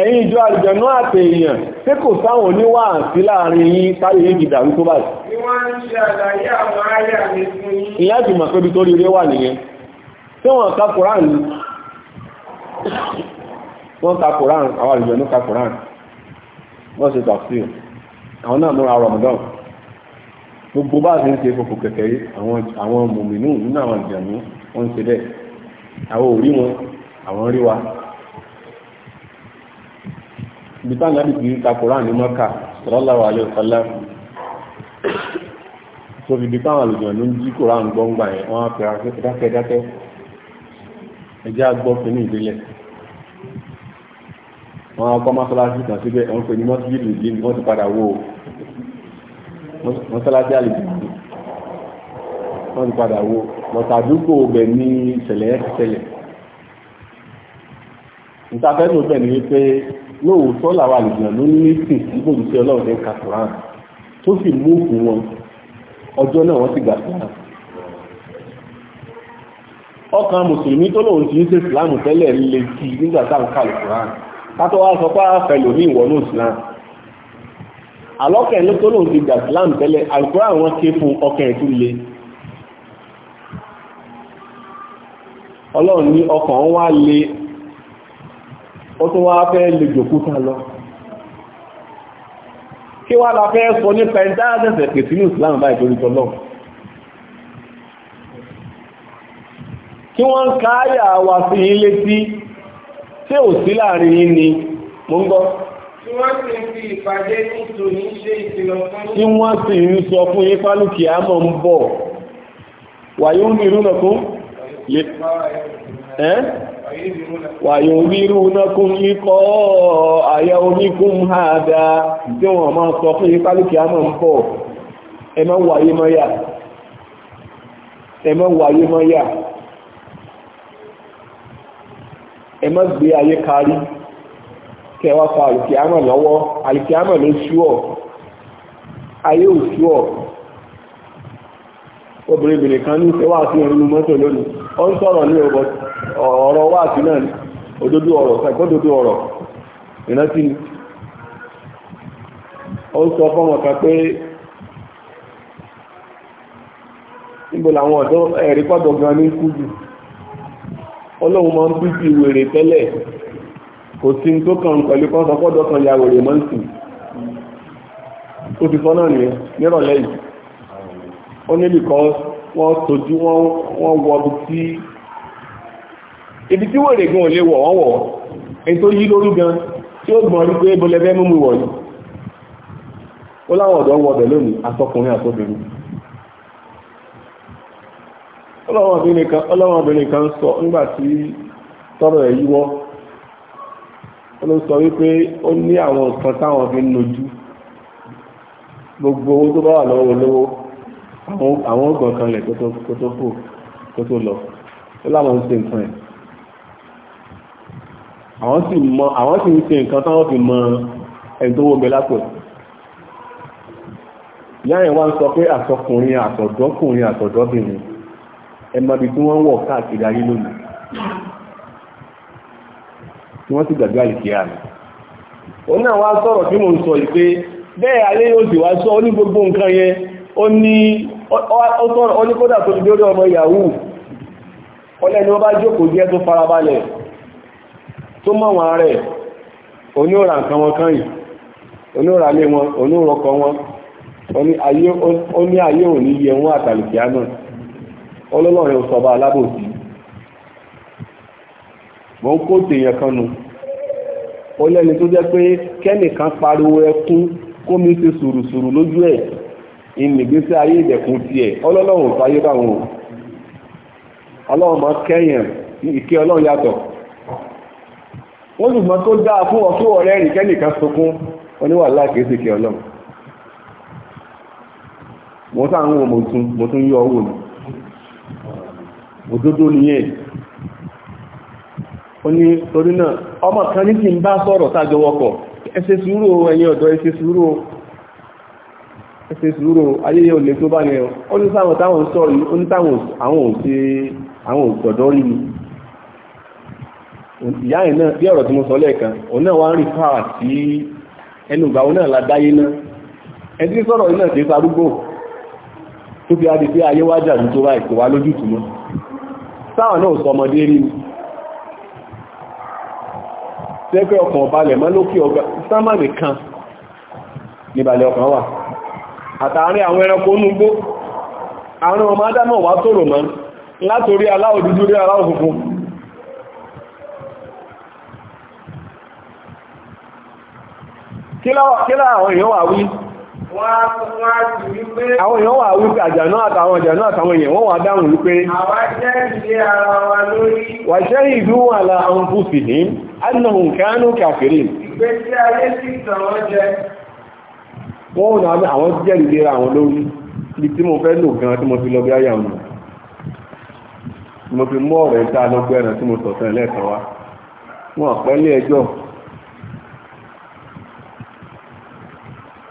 ẹ̀yin ìjọ àlùjànnú àti èèyàn tí kò sáwọn oníwà sí láàrin yín táyé yìí dìdà wípó báyìí ìyá ti mọ̀ pé bí tó rí rẹ̀ wà nìyẹn tí wọ́n ka koran wọ́n ka koran àwọn àlùjànnú ka koran wọ́n ṣe tafsir àwọn náà múra Ramadan gbogbo bá ṣe ń ṣe fòfò kẹ̀kẹ́ àwọn mùmínú nínú àwọn àlùjànnú wọ́n ń ṣe bẹ́ẹ̀ àwọn òrí wọn àwọn rí ibi tá nàbì ti ta koran ní mọ́kà sallallahu alaihi wasallam tó fi di fáwọn àlùjọ ló ń jí koran gbọ́ngbà yẹn wọ́n á fẹ́ dákẹ́dákẹ́ ẹjẹ́ agbọ́ kínní ìdílẹ̀ wọ́n á kọ́ mọ́sálásí kan síbẹ̀ wọ́n pè ní mọ́sílì ìdí wọ́n ti padà wó mọ́sálásí àlejò wọ́n ti padà wó mọ̀tàdúgbò bẹ̀ ní ìṣẹ̀lẹ̀ ẹ̀ṣẹ̀lẹ̀ nítafẹ́ tó bẹ̀ ní wípé lóòótọ́ làwọn àlùjọ ló ní sìn sí bòlùsí ọlọ́run ní kàtúrán tó sì mú òfin wọn ọjọ́ náà wọ́n sì gbà sí wọn. ọkàn mùsùlùmí tó lóun ti ń ṣe ìsìláàmù tẹ́lẹ̀ lè ti nígbà tá à ń kà lùkùrán kátó wá sọ pé àfẹ lòmí ìwọ̀nù ìsìláàmù àlọ́kẹ̀ ló tó lóun ti gbà ìsìláàmù tẹ́lẹ̀ àlùkùrán wọn ké fún ọkàn ẹ̀tún le ọlọ́run ní ọkàn wá le ó tún wá fẹ́ lè jòkúta lọ kí wá la fẹ́ sọ nípa ẹni dáadẹ́sẹ̀ pè sínú Islam báyìí torí tọ́lọ́ kí wọ́n ń ka àyà wa sí yín létí tí ò sí láàrin yín ni mo ń gbọ́ tí wọ́n sì ń sọ fún yín fálùkì àmọ́ ń bọ̀ wàyí ń rí rúnà fún wàyòwírúnákún ikọ̀ àyà ha dáa tí wọ́n máa sọ fún ipálùkì a máa ń pọ̀ ẹmọ́ wàyé mọ́yà ẹmọ́ ẹmọ́ gbé ayé kárí kẹwàá fa alìkìámọ̀ lọ́wọ́ alìkìámọ̀ ló ṣúọ̀ ayé ò ṣúọ̀ obìnrin bìnrin kan ní wà sí mọ́tò lónìí ó ń sọ̀rọ̀ ní ọ̀rọ̀ náà ní ọ̀rọ̀ ọ̀rọ̀ ìrántí ni ó sọ fọ́mọ pé níbo làwọn ọ̀dọ́ ẹ̀rí pọ̀dọ̀ gan ní kújù ọlọ́run máa ń bí sí wèrè tẹ́lẹ̀ kò sí tó pẹ̀lú kan kan ya wèrè mọ́ǹsì ó ti náà nìyẹn ó ní because wọ́n tójú wọ́n wọ ibi tí ibi tí wèrè gan ò lè wọ̀ wọ́n wọ̀ èyí tó yí lórí gan tí ó gbọ́n rí pé bọ́lẹ́fẹ́ mú mi wọ̀ yìí ó láwọn ọ̀dọ́ wọ̀ bẹ̀ lónìí atọ́kùnrin àtọ́bìnrin ọlọ́wọ́bìnrin kan sọ nígbàtí tọ́rọ ẹ̀ yíwọ́ ó ló sọ wípé ó ní àwọn nǹkan táwọn fi ń nojú gbogbo owó tó bá wà lọ́wọ́ olówó àwọn ọgbọ̀n kan lẹ̀ kó tó fò kó tó lọ ó láwọn ń ṣe nǹkan ẹ̀ àwọn sì mọ àwọn sì ń ṣe nǹkan táwọn fi mọ ẹni tó wọ́n bẹ lápò ẹ̀ ìyá yẹn wá ń sọ pé àtọkùnrin àtọ̀dọ́kùnrin àtọ̀dọ́bìnrin ẹ mọ ibi tí wọ́n ń wọ̀ káàkiri ayé lónìí tí wọ́n sì gbàgbé àìsí àmì òun náà wá sọ̀rọ̀ tí mo ń sọ yìí pé bẹ́ẹ̀ ayé yóò sì wá sọ ó ní gbogbo nǹkan yẹn ó ní oníkódà tó ti dórí ọmọ yahoo ọlẹ́ ni wọ́n bá jókòó díẹ̀ tó farabalẹ̀ tó mọ̀ wọn rẹ̀ oníòrà nǹkan wọn kan yìí oníòrà lé wọn oníòrọ̀kọ wọn ó ní ayé ò ní yẹ wọn àtàlùkì àmọ́ ọlọ́lọ́rin sọba alábòsí mọ́ ń kó tèèyàn kan nù ó lẹ́ni tó jẹ́ pé kẹ́nìkan pariwo ẹkún kómi ti sùrùsùrù lójú ẹ̀ ìnìgbésí ayé ìdẹ̀kùn tiẹ̀ ọlọ́lọ́run tó ayé báwọn ọlọ́run máa kẹ́yàn ìkẹ́ ọlọ́run yàtọ̀ wọ́n lùmọ́ tó dáa fún ọ̀tún ọ̀rẹ́ rìn kẹ́nìkan oníwà láàkè sí ọlọ́run mo sáà ń yọ ṣe sùúrù ayé yẹn ò lè tó bá yẹn ó ní sáwọn táwọn sọ yìí ó ní táwọn àwọn ò ṣe àwọn ò gbọ̀dọ̀ rí ni ìyá yẹn náà bí ọ̀rọ̀ tí mo sọ lẹ́ẹ̀kan òun náà wá ń rí fáà sí ẹnu ìgbà òun náà la dáyé náà ẹni tí sọ̀rọ̀ yìí náà ṣe sarúgbó tó fi adi pé ayé wájà ní tó báyìí kò wá lójútùú mọ́ táwọn náà sọ ọmọdé rí ni tẹ́gbẹ́ ọkàn ọkàn wà àtàárín àwọn ẹranko núgbó àwọn ọmọ adámọ̀ wá tòrò mọ́ látorí aláwọ̀ dúdú rí aláwọ̀ funfun kí láwọn èèyàn wà wí àwọn èèyàn wà wípé àjànà àtàwọn àjànà àtàwọn èèyàn wọ́n wà dáhùn wípé wà wọ́n wọ́n náà àwọn jẹ́rì lera àwọn lórí ibi tí mo fẹ́ lò gan tí mo fi lọ bí mo fi ọ̀rẹ́ tí mo sọ̀tàn lẹ́ẹ̀kan wá wọn àpẹẹlẹ ẹjọ́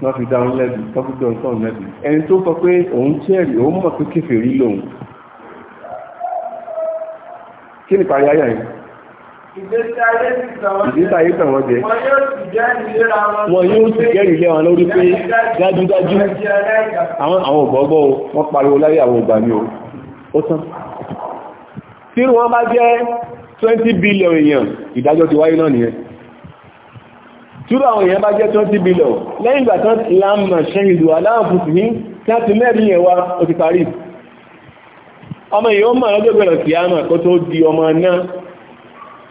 wọ́n fi dáhùn lẹ́bi ẹni tó sọ pé òun ìgbésí ayé tàn wọ́n jẹ wọn yóò sì jẹ́rìí lé wọn lórí pé dájúdájú àwọn àwọn ògbọ́gbọ́ wọn pariwo láyé àwọn ògbà ní o ó tán tí wọ́n bá jẹ́ 20 billion èèyàn ìdájọ́ ti wáyé náà nìyẹn túrò àwọn èèyàn bá jẹ́ 20 billion lẹ́yìn ìgbà tán láàmà ṣẹ́yìnlú aláàfúsù ní láti mẹ́rin yẹn wá ó ti parí ọmọ èèyàn mọ̀ lọ́jọ́ gbẹ̀rẹ̀ sí àmà kó tó di ọmọ náà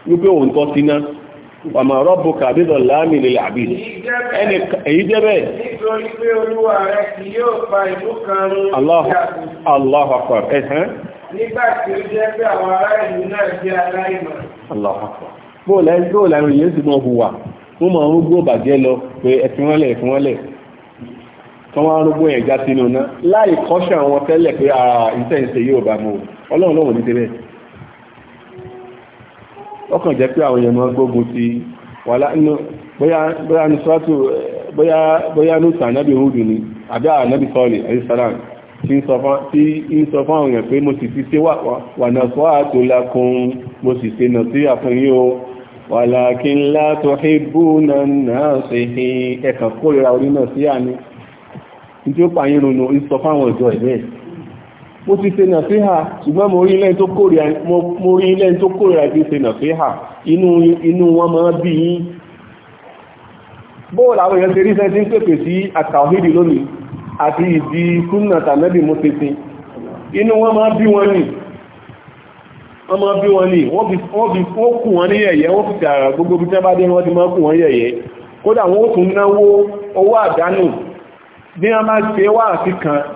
wípé òun tọ́ sí náà wàmà rọ́bù kàbídọ̀ láàmì lè àbí ẹni èyí jẹ́ bẹ́ẹ̀ nítorí pé olúwa rẹ̀ kì yóò fa ìlú kan rún Allahu Akbar ẹ̀hẹ́n nígbàtí ó jẹ́ pé àwọn ará ìlú náà jẹ́ aláìmọ̀ Allahu Akbar bóòlù ẹ̀rùn yóò sì mọ̀ hùwà wọ́n máa rúgbó bàjẹ́ lọ pé ẹ̀fìnwọ́lẹ̀ sínú náà láì kọ́ṣẹ́ àwọn tẹ́lẹ̀ pé ara ìtẹ́ ìṣe yóò bá mú ọlọ́run lọ́wọ́ ní tẹ́lẹ̀ ọkàn jẹ́ pé àwọn èèyàn máa ti wà láàánú bóyá ní sọ́tù bóyá ní náàbì húdù ni àbí ànábì sọ́ọ̀lì àríṣàlám tí ń sọ fún àwọn èèyàn pé mo sì ṣe wà náà àtò lákun mo sì ṣe nà sí àfihàn o wà láàkí ńlá tó bú náà ṣe ẹ̀kàn mo ti ṣe nàfíhà ṣùgbọ́n mo rí ilé tó kórìíra ti ṣe nàfíhà inú wọn máa bí yín bóòlù àwọn èèyàn ti rí sẹ́ńtí ń pèpè sí àtàwídì lónìí àti ìdí súnà tànẹ́bì mo ti sin inú wọn máa bí wọn nì máa bí wọn nì wọ́n kù wọn ní fi tààrà gbogbo bí tẹ́ bá dé wọn ti máa kù wọn yẹ̀yẹ́ kódà wọ́n tún náwó owó àdánù bí wọ́n máa ṣe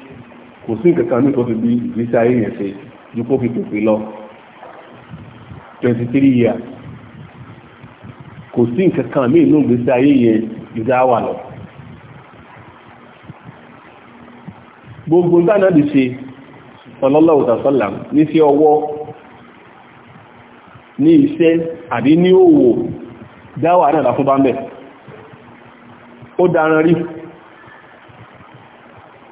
kò sí nǹkan kan ní tó fi bí ìgbésí ayé yẹn ṣe ju kó fi pèpè lọ twenty three years kò sí nǹkan kan míì nínú ìgbésí ayé yẹn ju dáwà lọ. gbogbo dáná di ṣe sallallahu alaihi wasallam ní sí ọwọ́ ní iṣẹ́ àbí ní òwò dáwà náà láfún bá ń bẹ̀ ó dáran rí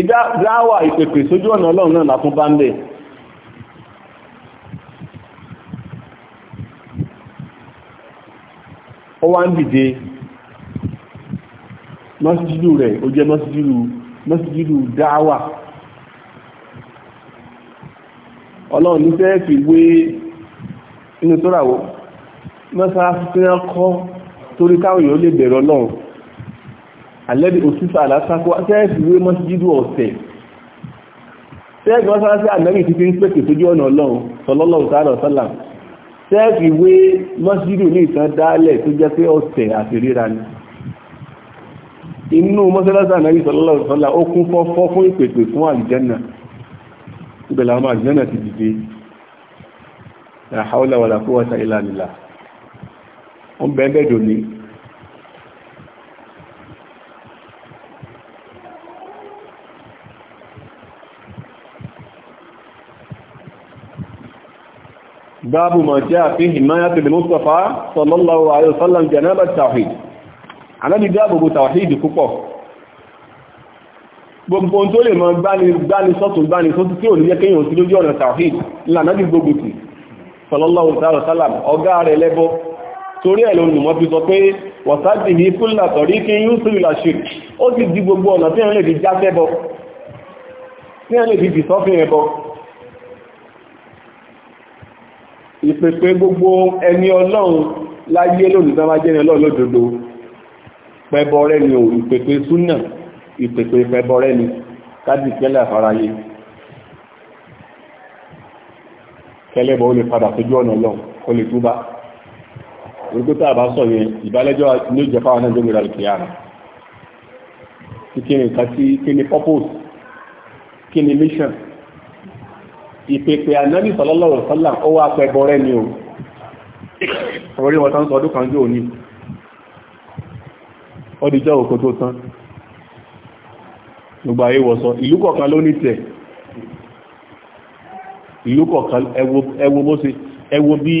ìdáwà ìpèpè sójú ọ̀nà ọlọ́run náà láfún bá ń bẹ̀ ó wá ń dìde mọ́síjìlú rẹ̀ ó jẹ́ mọ́síjìlú dáwà ọlọ́run ní fẹ́ fi wé inú tó ràwọ́ mọ́sára fún kọ́ torí káwọn èèyàn lè bẹ̀rẹ̀ ọlọ́run alẹ́bí òsífà alásákó sẹ́ẹ̀sì wé mọ́síjídù ọ̀sẹ̀ sẹ́ẹ̀sì wọ́n sára sí ànábì ti fi ń pèsè sójú ọ̀nà ọlọ́run sọlọ́lọ́run sára ọ̀sọ́là sẹ́ẹ̀sì wé mọ́síjídù ní ìtàn dálẹ̀ tó jẹ́ pé ọ̀sẹ̀ àti ríra ni inú mọ́sálásí ànábì sọlọ́lọ́run sọ́là ó kún fọ́fọ́ fún ìpèpè fún àlùjẹ́nà ibẹ̀ làwọn àlùjẹ́nà ti باب ما جاء فيه في حماية المصطفى صلى الله عليه وسلم جناب التوحيد أنا دي باب توحيد كوكو gbogbo tó lè mọ gbáni sọ́tún gbáni sọ́tún tí ò ní jẹ́ kéyàn sí lójú ọ̀nà tawhid lànà bí gbogbo tí sallallahu ta'ala sallam ọgá rẹ̀ lẹ́bọ torí ẹ̀ lónìí mọ́ fi sọ pé wọ̀sáàtì ní kúlà tọ̀rí kí yíó sí ìpèpè gbogbo ẹni ọlọ́run láyé lónìí tán bá jẹ́ni ọlọ́run lódodo pẹbọ rẹ ni ò ìpèpè súnà ìpèpè pẹbọ rẹ ni kádì kẹlẹ àfàráyé kẹlẹbọ ó lè padà sójú ọ̀nà ọlọ́run kó lè túbá orúkọ tá a bá sọ yẹn ìbálẹ́jọ́ ní ìjẹ́ fáwọn náà jẹ́gbẹ̀rẹ̀ àlùkìyàrá kí ni nǹkan tí kí ni purpose kí ni mission ìpèpè ànábì sọlọ́lọ́rọ̀ sọ́là ó wá pẹ bọ́rẹ́ ni o orí wọn tán sọ ọdún kan jò ní ọdíjọ́ òkú tó tán gbogbo ayé wọ sọ ìlú kọ̀ọ̀kan ló ní tẹ̀ ìlú kọ̀ọ̀kan ẹwo bó ṣe ẹwo bí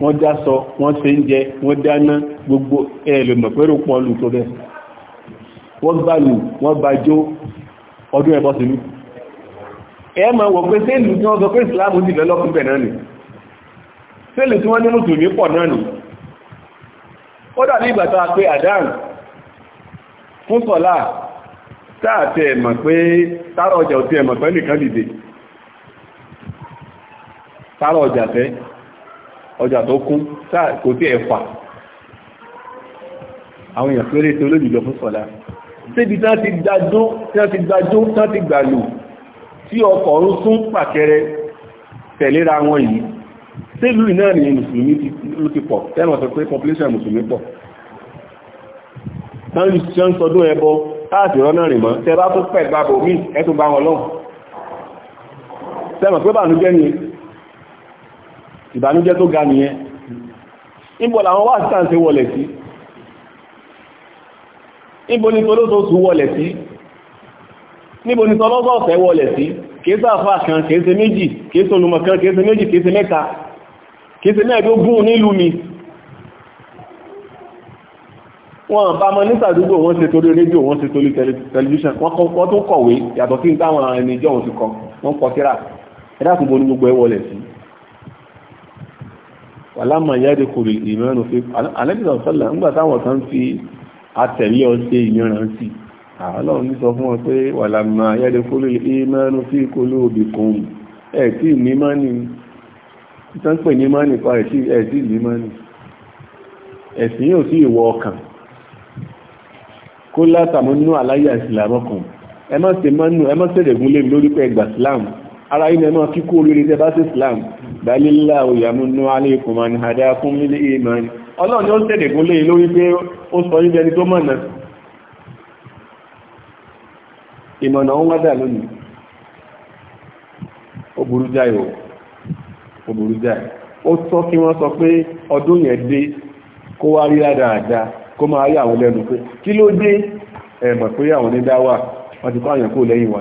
wọ́n já sọ wọ́n ṣe ń jẹ wọ́n dáná gbogbo ẹ̀lẹ̀mọ̀ pẹ́rù pọ̀ lù tó bẹ́ wọ́n gbà lù wọ́n gbàjó ọdún ẹ̀bọ́sílú ẹ máa wọ̀ pé sẹ́ẹ̀lù tí wọ́n sọ pé ìsìláàmù ti lọ́lọ́kùn bẹ̀ náà nì sẹ́ẹ̀lù tí wọ́n ní mùsùlùmí pọ̀ náà nì ó dàbí ìgbà tá a pé àdáhùn fún sọ́lá táàtì ẹ̀mọ̀ pé tààrà ọjà òtí ẹ̀mọ̀ pẹ́ nìkan dìde tààrà ọjà tẹ́ ọjà tó kún kò tí ẹ̀fà àwọn èèyàn péré tí olójùjọ fún sọ́lá síbi tí wọ́n ti gbàjó tí wọ́n ti gbàlù tí ọkọ̀ ń sún pàkẹrẹ tẹ̀léra wọn yìí sílù náà ni mùsùlùmí ló ti pọ̀ tẹ́mọ̀ sọ pé population mùsùlùmí pọ̀ tán ṣe ń sọdún ẹbọ láti rọ́nà rìn mọ́ tẹ́ bá tó pẹ̀ gbàbò mí ẹ̀tún bá wọn lọ́wọ́ tẹ́mọ̀ pé bànújẹ́ ni ìbànújẹ́ tó ga nìyẹn níbo làwọn wà sí tàǹsẹ̀ wọlẹ̀ sí níbo ni tolóso sùn wọlẹ̀ sí níbo ni tọ́lọ́sọ̀ọ̀sẹ̀ wọlẹ̀ sí kéèsà àfà kan kéèsè méjì kéèsè olùmọ̀ kan kéèsè méjì kéèsè mẹ́ta kéèsè mẹ́ẹ̀dógún nílùú mi wọ́n bá mọ́ nísàdúgbò wọ́n ṣe torí rédíò wọ́n ṣe torí tẹlifíṣàn wọ́n tún kọ̀wé yàtọ̀ sí táwọn ẹni ìjọ òun ti kọ wọ́n kọ síra ẹ̀dàkùnbó ní gbogbo ẹwọlẹ̀ sí wàlámà yáde kòrò ìmọ̀ràn fi alẹ́bìsàn sọ́là ńgbà táwọn kan fi àtẹ̀lé ọ ṣe ìmọ̀ràn sí i Ọlọ́run ní sọ fún wọn pé wà lámà yẹ́dẹ̀ fólú ìmẹ́nu sí ìkólú òbí kan ẹ̀ tí ní mánì ìtànpẹ̀ ní mánì pa ẹ̀ tí ní mánì ẹ̀sìn yóò sí ìwọ ọkàn kó látàmú nínú àláyà ìsìlámọ́ kan ẹ má ṣe mánú ẹ má ṣèrè gúnlé lórí pé ẹgbà islam ara yìí náà kíkó olórí tẹ bá sí islam dalílá òyàmú nú aléèkùnmá ní àdá fún mílé ìmánì Ọlọ́run ni ó ṣèrè gúnlé lórí pé ó sọ yín ìmọ̀nà ń wá dà lónìí ó burú jáì o ó burú jáì ó tọ́ kí wọ́n sọ pé ọdún yẹn dé kó wá rí dáadáa kó máa rí àwọn lẹ́nu pé kí ló dé ẹ̀mọ̀ pé àwọn ní dáwà wọ́n ti kọ́ àyàn kó lẹ́yìn wa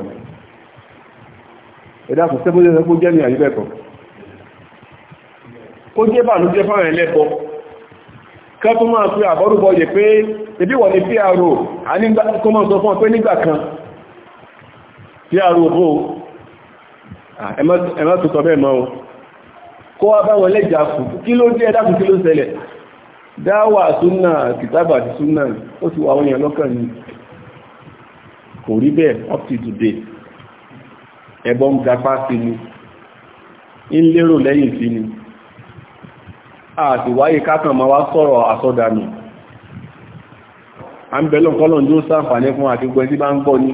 ẹ̀dá kò sẹ́kó jẹ́ kó jẹ́ ní àyíbẹ̀kọ̀ kó jẹ́ bà ló jẹ́ fáwọn ẹlẹ́bọ kẹ́ máa fi àbọ́rúbọ yẹ pé ebí wọ́n ni pr a ní kó máa sọ fún ọ pé nígbà kan tí a rògbò ẹmọ́ tó tọ́bẹ̀ mọ́ kó wá báwọn lẹ́jà fún kí ló dé ẹ̀dàkù kí ló ṣẹlẹ̀ dáwà súnà kìtàbà ti súnà ó ti wà àwọn èèyàn lọ́kàn ní kò rí bẹ́ẹ̀ up to today ẹ̀bọ́n gapá sí ni ń lérò lẹ́yìn sí ni àti wáyé kákan ma wá sọ̀rọ̀ àsọdàmì à ń bẹ̀lọ̀ kọ́lọ̀ ń jó sáǹfà ní fún àti gbẹ́ sí bá ń gbọ́ ní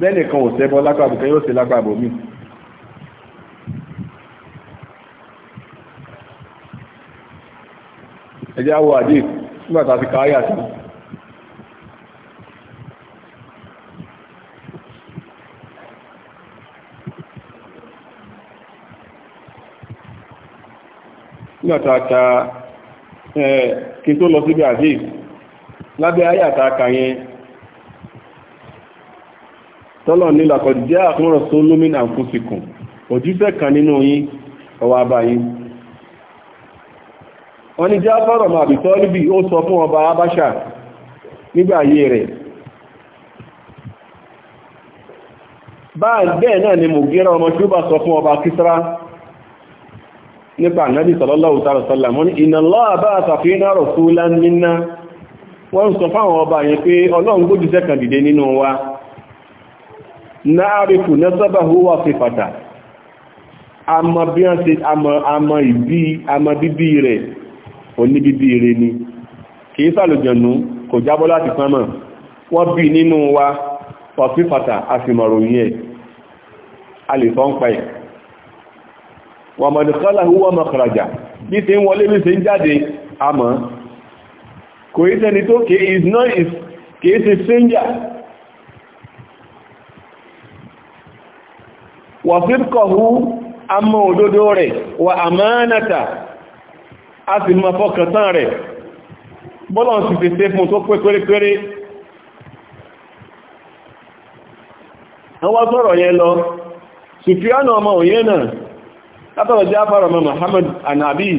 bẹ́ẹ̀ni kan ò sẹ́bọ lápàbò kan yóò ṣe lápàbò mi ẹjẹ́ àwọ̀ àdé nígbàtà ti káyà sí nígbàtà ta kí n tó lọ síbi àdé lábẹ́ ayàtà kàyẹn tọ́lọ̀ ní làkọ̀ jẹ́ àkúnrọ̀ tó lómìnà fún síkùn òjíṣẹ́ kan nínú yín ọwọ́ abáyín wọ́n ni já fọ́rọ̀ máa bí tọ́ níbi ó sọ fún ọba abáṣà nígbà ayé rẹ̀ bẹ́ẹ̀ náà ni Mùgírà ọmọ Ṣúbà sọ fún ọba Kísrá nípa ànábì sallallahu ta'ala wọ́n ni inna Allaha ba'atha fina rasulan minna wọ́n sọ fáwọn ọba yẹn pé Ọlọ́run gbójúṣẹ́ kan dìde nínú wa náàrífù nasabahu wa sifata àmọ́ bí wọ́n ṣe àmọ́ ìbí àmọ́ bíbí rẹ̀ oníbíbí rẹ̀ ni kìí sàlùjọ̀nù kò jábọ́ láti sánmà wọ́n bí nínú wa wa sifata àfimọ̀ròyìn ẹ̀ a lè sọ ń a ẹ̀ wa madkhalahu wa makhraja bí ṣe ń wọlé bí ṣe ń jáde àmọ́ kò í sẹ́ni tó kìí is not is kìí ṣe stranger wa sidqahu àmọ́ òdodo rẹ̀ wa amanata a sì mọ́ fọ́kàntán rẹ̀ bọ́lọ̀ sì fi ṣe fún tó pé pérépéré àwọn sọ̀rọ̀ yẹn lọ sùfíànà ọmọ òye náà látọ̀rọ̀ jẹ́ àfàrọ̀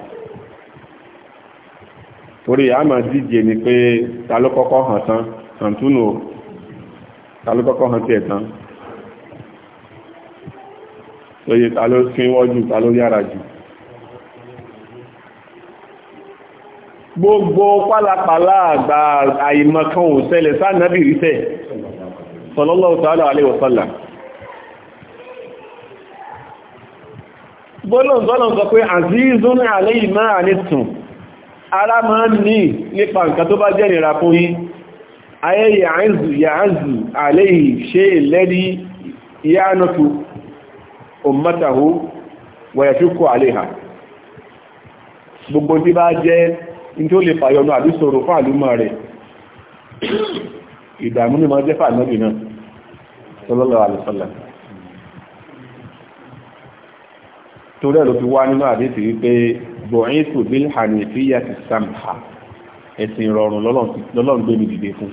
torí a máa díje ni pé ta ló kọ́kọ́ hàn tán sàǹtúnù ta ló kọ́kọ́ hàn tiẹ̀ tán lóye jù yára jù gbogbo pálapàla àgbà àìmọ̀kan ò sẹlẹ̀ sáànàbì ríṣẹ́ sallallahu ta'ala alaihi wa sallam gbọ́nà sọ pé àzízún alayhi ma ara ma ń ní nípa nǹkan tó bá jẹ́ ìnira fún yín ayé yàázu yàázu àléyìí ṣe lẹ́rí yánàtù ummatahu àléhà gbogbo tí bá jẹ́ ní tó lè fàyọnú àbí fún àlúmọ̀ rẹ̀ ìdàmú ní máa jẹ́ fàánàbì náà ló fi wá nínú bọ̀ẹ́sù bíl hànífíyà ti sàmhà ẹ̀sìn ìrọ̀rùn lọ́lọ́run mi dìde fún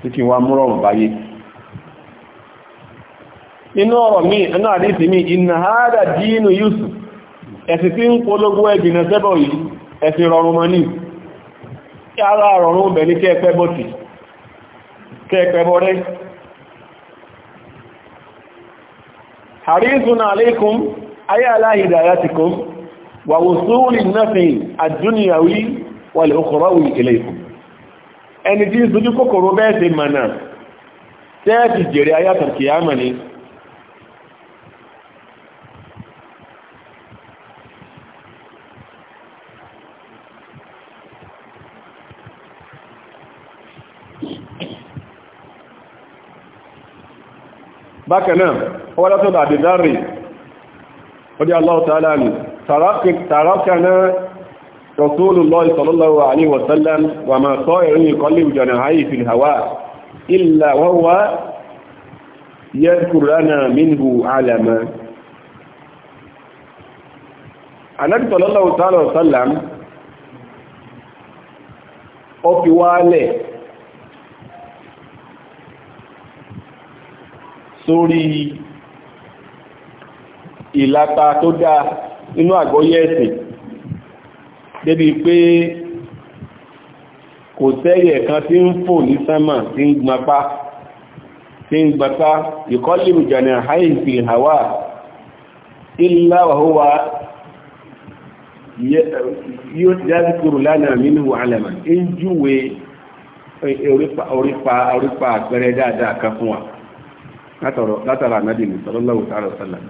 tí kí wá múrọ̀rùn báyé inú ọ̀rọ̀ mi inú àdísì mi iná hádà dínú yusuf ẹ̀sìn tí ń polówó ẹgbìnà sẹ́bọ̀ yìí ẹ̀sìn rọrùn mọ́ ara rọrùn bẹ̀ ní kẹ́ẹ̀pẹ́ ووصول النفع الدنيوي والأخروي إليكم ẹni tí ń sojú kòkòrò bẹ́ẹ̀ ti mọ̀nà tẹ́ẹ̀tì jèrè ayátọ̀ kìyàmà ni bákanáà ọwọ́látọ̀ àdìdárì ọdí Allah ta'ala ni تركنا رسول الله صلى الله عليه وسلم وما طائر يقلب جناحيه في الهواء إلا وهو يذكر لنا منه علما النبي صلى الله عليه وسلم ó fi wálẹ̀ sórí ìlàta tó dáa inú àgbọ́yé ẹ̀sìn débi pé kò sẹ́yẹ̀ kan tí ń fò ní sánmà tí ń gbapá tí ń gbapá ìkọ́lù ìjànà àìsí ìhàwà illa wa huwa yóò dájú kúrò lánàá nínú àlàmà ń júwe orípa àpẹẹrẹ dáadáa kan fún wa látara nàbì sallallahu ta'ala sallam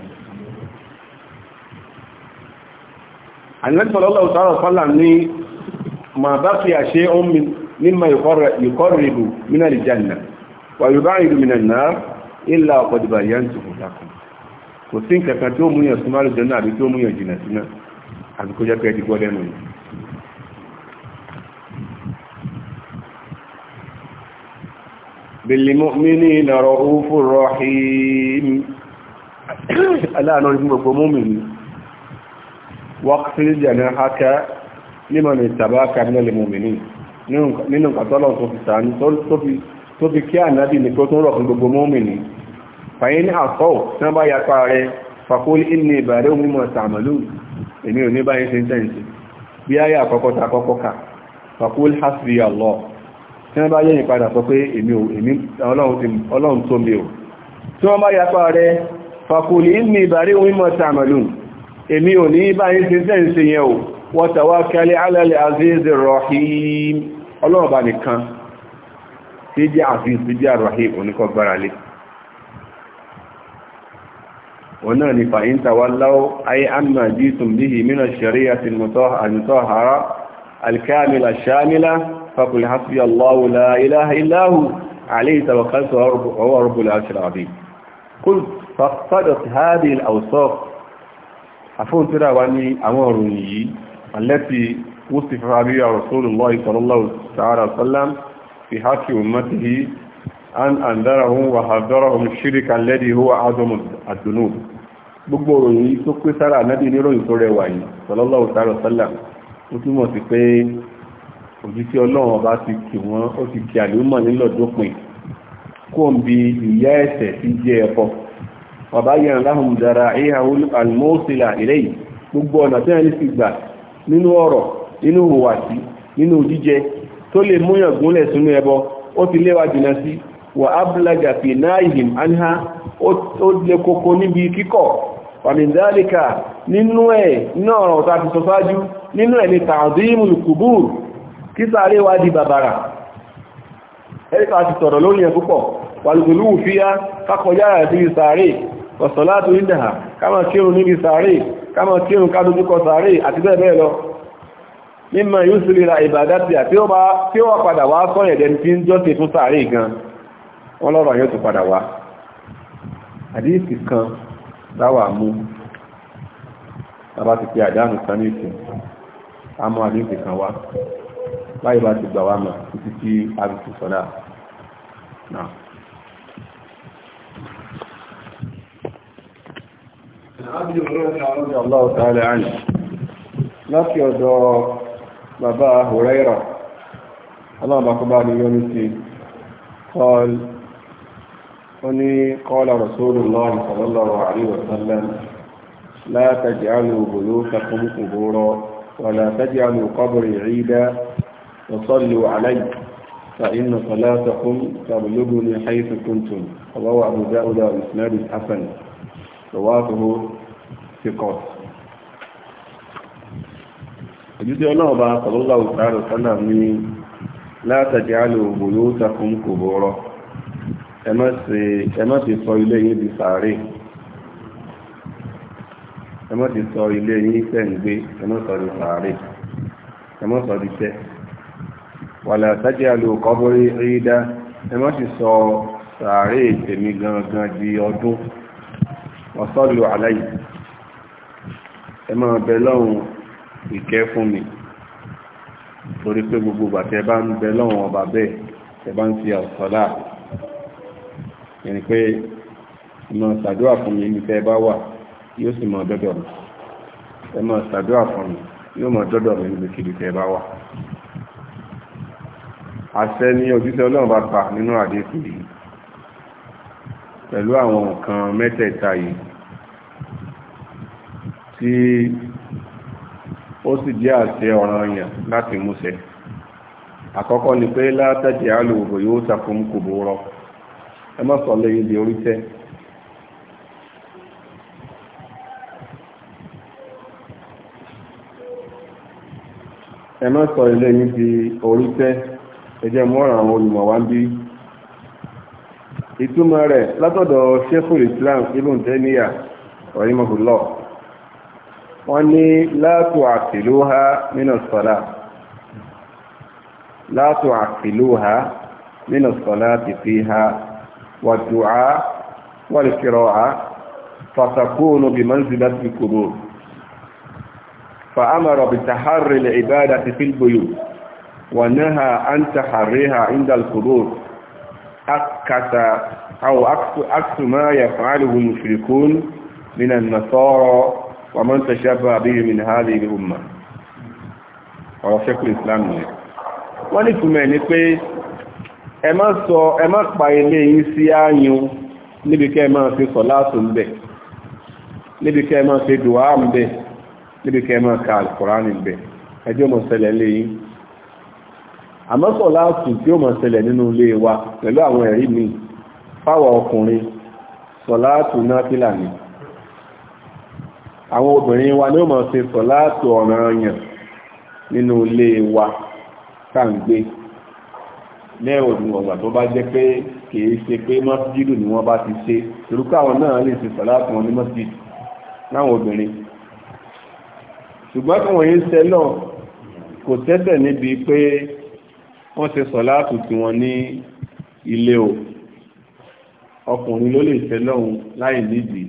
ànílẹ́sọ̀lọ́lọ́ òtàrọ̀ sọ́là ní ma bá fi àṣẹ omi mímọ̀ ìkọ́rìbù mínà ìjànà wà yóò bá ìlú mínà náà ilá ọ̀pọ̀dìbà yà ń tùkù lákùn kò sí nǹkankan tí ó múyàn súnmọ́ àlùjọ náà waqfil janahaka liman ittaba'aka minal mu'minin nínú kàtọ́lọ̀ tó fi sàánú tó fi kí ànábì ní kó tó rọ̀ fún gbogbo mọ́mìnì fàyín ní àkọ́ tán bá yapa rẹ faqul inni bari'un mimma ta'malun èmi ò ní báyìí ṣe ń tẹ̀sí bí ayé àkọ́kọ́ ta kọ́kọ́ kà faqul hasbi Allah tí wọ́n bá yẹ̀yìn padà sọ pé èmi ọlọ́run tó mi ò tí wọ́n bá yapa rẹ faqul inni bari'un mimma ta'malun èmi ò ní bá yín ṣe tẹ́ ń ṣe yẹn o wa tawakkal ala al-aziz ar-rahim ọlọ́run bá nìkan tí jẹ́ aziz tí jẹ́ rahim oníkọ́ gbára lé wọn náà ni fa'in tawallaw ay amma jitum bihi min عليه توكلت وهو رب العرش العظيم قلت هذه الأوصاف àfóhùntúrà wa ní àwọn òròyìn yìí alẹ́tì wúsì fàbí Rasulullah sallallahu ta'ala sallam fi hákì ummatihi an andarahum wa hadarahum shirika alladhi huwa azamu ad-dunub gbogbo òròyìn yìí tó pé sára anábì níròyìn tó rẹwà yìí sallallahu ta'ala sallam ó túmọ̀ sí pé òjíṣẹ́ ọlọ́run ọba ti وبين لهم ذرائعه الموصلة إليه gbogbo ọ̀nà tí wọ́n fi gbà nínú ọ̀rọ̀ nínú ìhùwàsí nínú jíjẹ tó lè múyàn gúnlẹ̀ sínú ẹbọ ó ti léwà jìnà sí wà ábúlájà fi náà anha ó lè kókó níbi kíkọ̀ wàmìndálíkà nínú ẹ̀ náà ọ̀rọ̀ ta fi sọ sáájú nínú ẹ̀ ni ọ̀sọ̀látò ìdáhà káma kírùn níbi sàárè káma kírùn kádójúkọ sàárè àti bẹ́ẹ̀ lọ mímọ̀ yóò sí ríra ìbàdátìyà tí ó wà padà wá sọ ẹ̀dẹ̀ tí ń jọ́sẹ̀ fún sàárè gan wọ́n lọ́rọ̀ yóò tó padà wá àdíyèsí kan láwà mú bàbá ti pe àdánù kan ní ìsìn a mọ́ àdíyèsí kan wá báyìí bá ti gbà wá mọ̀ títí tí a fi sọ̀dá náà Allahu ta'ala anhu láti ọ̀dọ̀ bàbá Huraira aláàbàkọ́bá ni yọ́ ní sí قال قال رسول الله صلى الله عليه وسلم لا تجعلوا بيوتكم قبورا ولا تجعلوا قبري عيدا وصلوا علي فإن صلاتكم تبلغني حيث كنتم رواه أبو داود وإسناد حسن tọ̀wáàtòwò síkọ̀ ojúṣe ọlọ́ọ̀bá sọlọ́lá òtàrò sọ́nà ní látàjì àlò òbòló takùn kò bọ̀rọ̀ ẹ má ti sọ ilé yín di sàárè ẹ má ti sọ ilé yín tẹ̀ ń gbé ẹ má sọ di sàárè ẹ má sọ di tẹ́ wàlà tájì àlò kọ́bọ̀rí rí dá ẹ má ti sọ sàárè tèmi gangan di ọdún wàsọ́lù aláyì ẹ máa bẹ lọ́hùn ìkẹ́ fún mi torí pé gbogbo bàtẹ́ bá ń bẹ lọ́hùn ọba bẹ́ẹ̀ ẹ bá ń fi àwòsọ́lá ẹni pé ìmọ̀ ṣàdúrà fún mi nípa ẹ bá wà yóò sì mọ̀ dọ́dọ̀ mi ẹ máa ṣàdúrà fún mi yóò mọ̀ dọ́dọ̀ mi níbi kìlì tẹ́ bá wà àṣẹ ni ojúṣe ọlọ́run bá pa nínú àdéhùn yìí pẹ̀lú àwọn nǹkan mẹ́tẹ̀ẹ̀ta yìí tí ó sì jẹ́ àṣẹ ọ̀ranyàn láti múṣẹ àkọ́kọ́ ni pé látẹ́jẹ́ alùwòbò yóò takùn kòbó rọ ẹ má sọ lẹ́yìn di orí tẹ́ ẹ má sọ ilé di orí tẹ́ ẹ jẹ́ mọ́ràn àwọn olùmọ̀ wá ìtumọ̀ rẹ̀ látọ̀dọ̀ sheikhul islam ibn taymiya rahimahullah wọ́n ní la tu'tiluha min as-salah la tu'tiluha min as-salati fiha wa du'a wal qira'a fatakunu bi manzilati al-qubur فأمر بتحري العبادة في البيوت ونهى عن تحريها عند أكس أو أكس ما يفعله المشركون من النصارى ومن تشبه به من هذه الأمة ọ̀rọ̀ ṣẹ́kù islam nìyẹn wọ́n ní túnmẹ̀ ní pé ẹ má sọ ẹ má pa ilé yìí sí áyùn níbi kẹ́ máa fi sọ láàtò ń bẹ̀ níbi kẹ́ máa fi dùwà ń bẹ̀ níbi kẹ́ máa ka ń bẹ̀ ẹjọ́ mọ̀ sẹlẹ̀ yìí àmọ́ sọ̀láàtù tí ó mọ̀ ṣẹlẹ̀ nínú ilé wa pẹ̀lú àwọn ẹ̀rí mi fáwọn ọkùnrin sọ̀láàtù náfìlà ni àwọn obìnrin wa ni ó mọ̀ ṣe sọ̀láàtù ọ̀ranyàn nínú ilé wa tá à ń gbé lẹ́rọ òdùn ọ̀gbà tó bá jẹ́ pé kìí ṣe pé mọ́sídìdù ni wọ́n bá ti ṣe torúkọ àwọn náà lè ṣe sọ̀láàtù wọn ní mọ́sídìdù láwọn obìnrin ṣùgbọ́n kí wọ́n yín ṣẹlọ̀ kò tẹ́tẹ̀ níbi pé wọ́n ṣe sọ̀láàtù tí wọ́n ní ilé o ọkùnrin ló lè fẹ́ lọ́hùn láì nídìí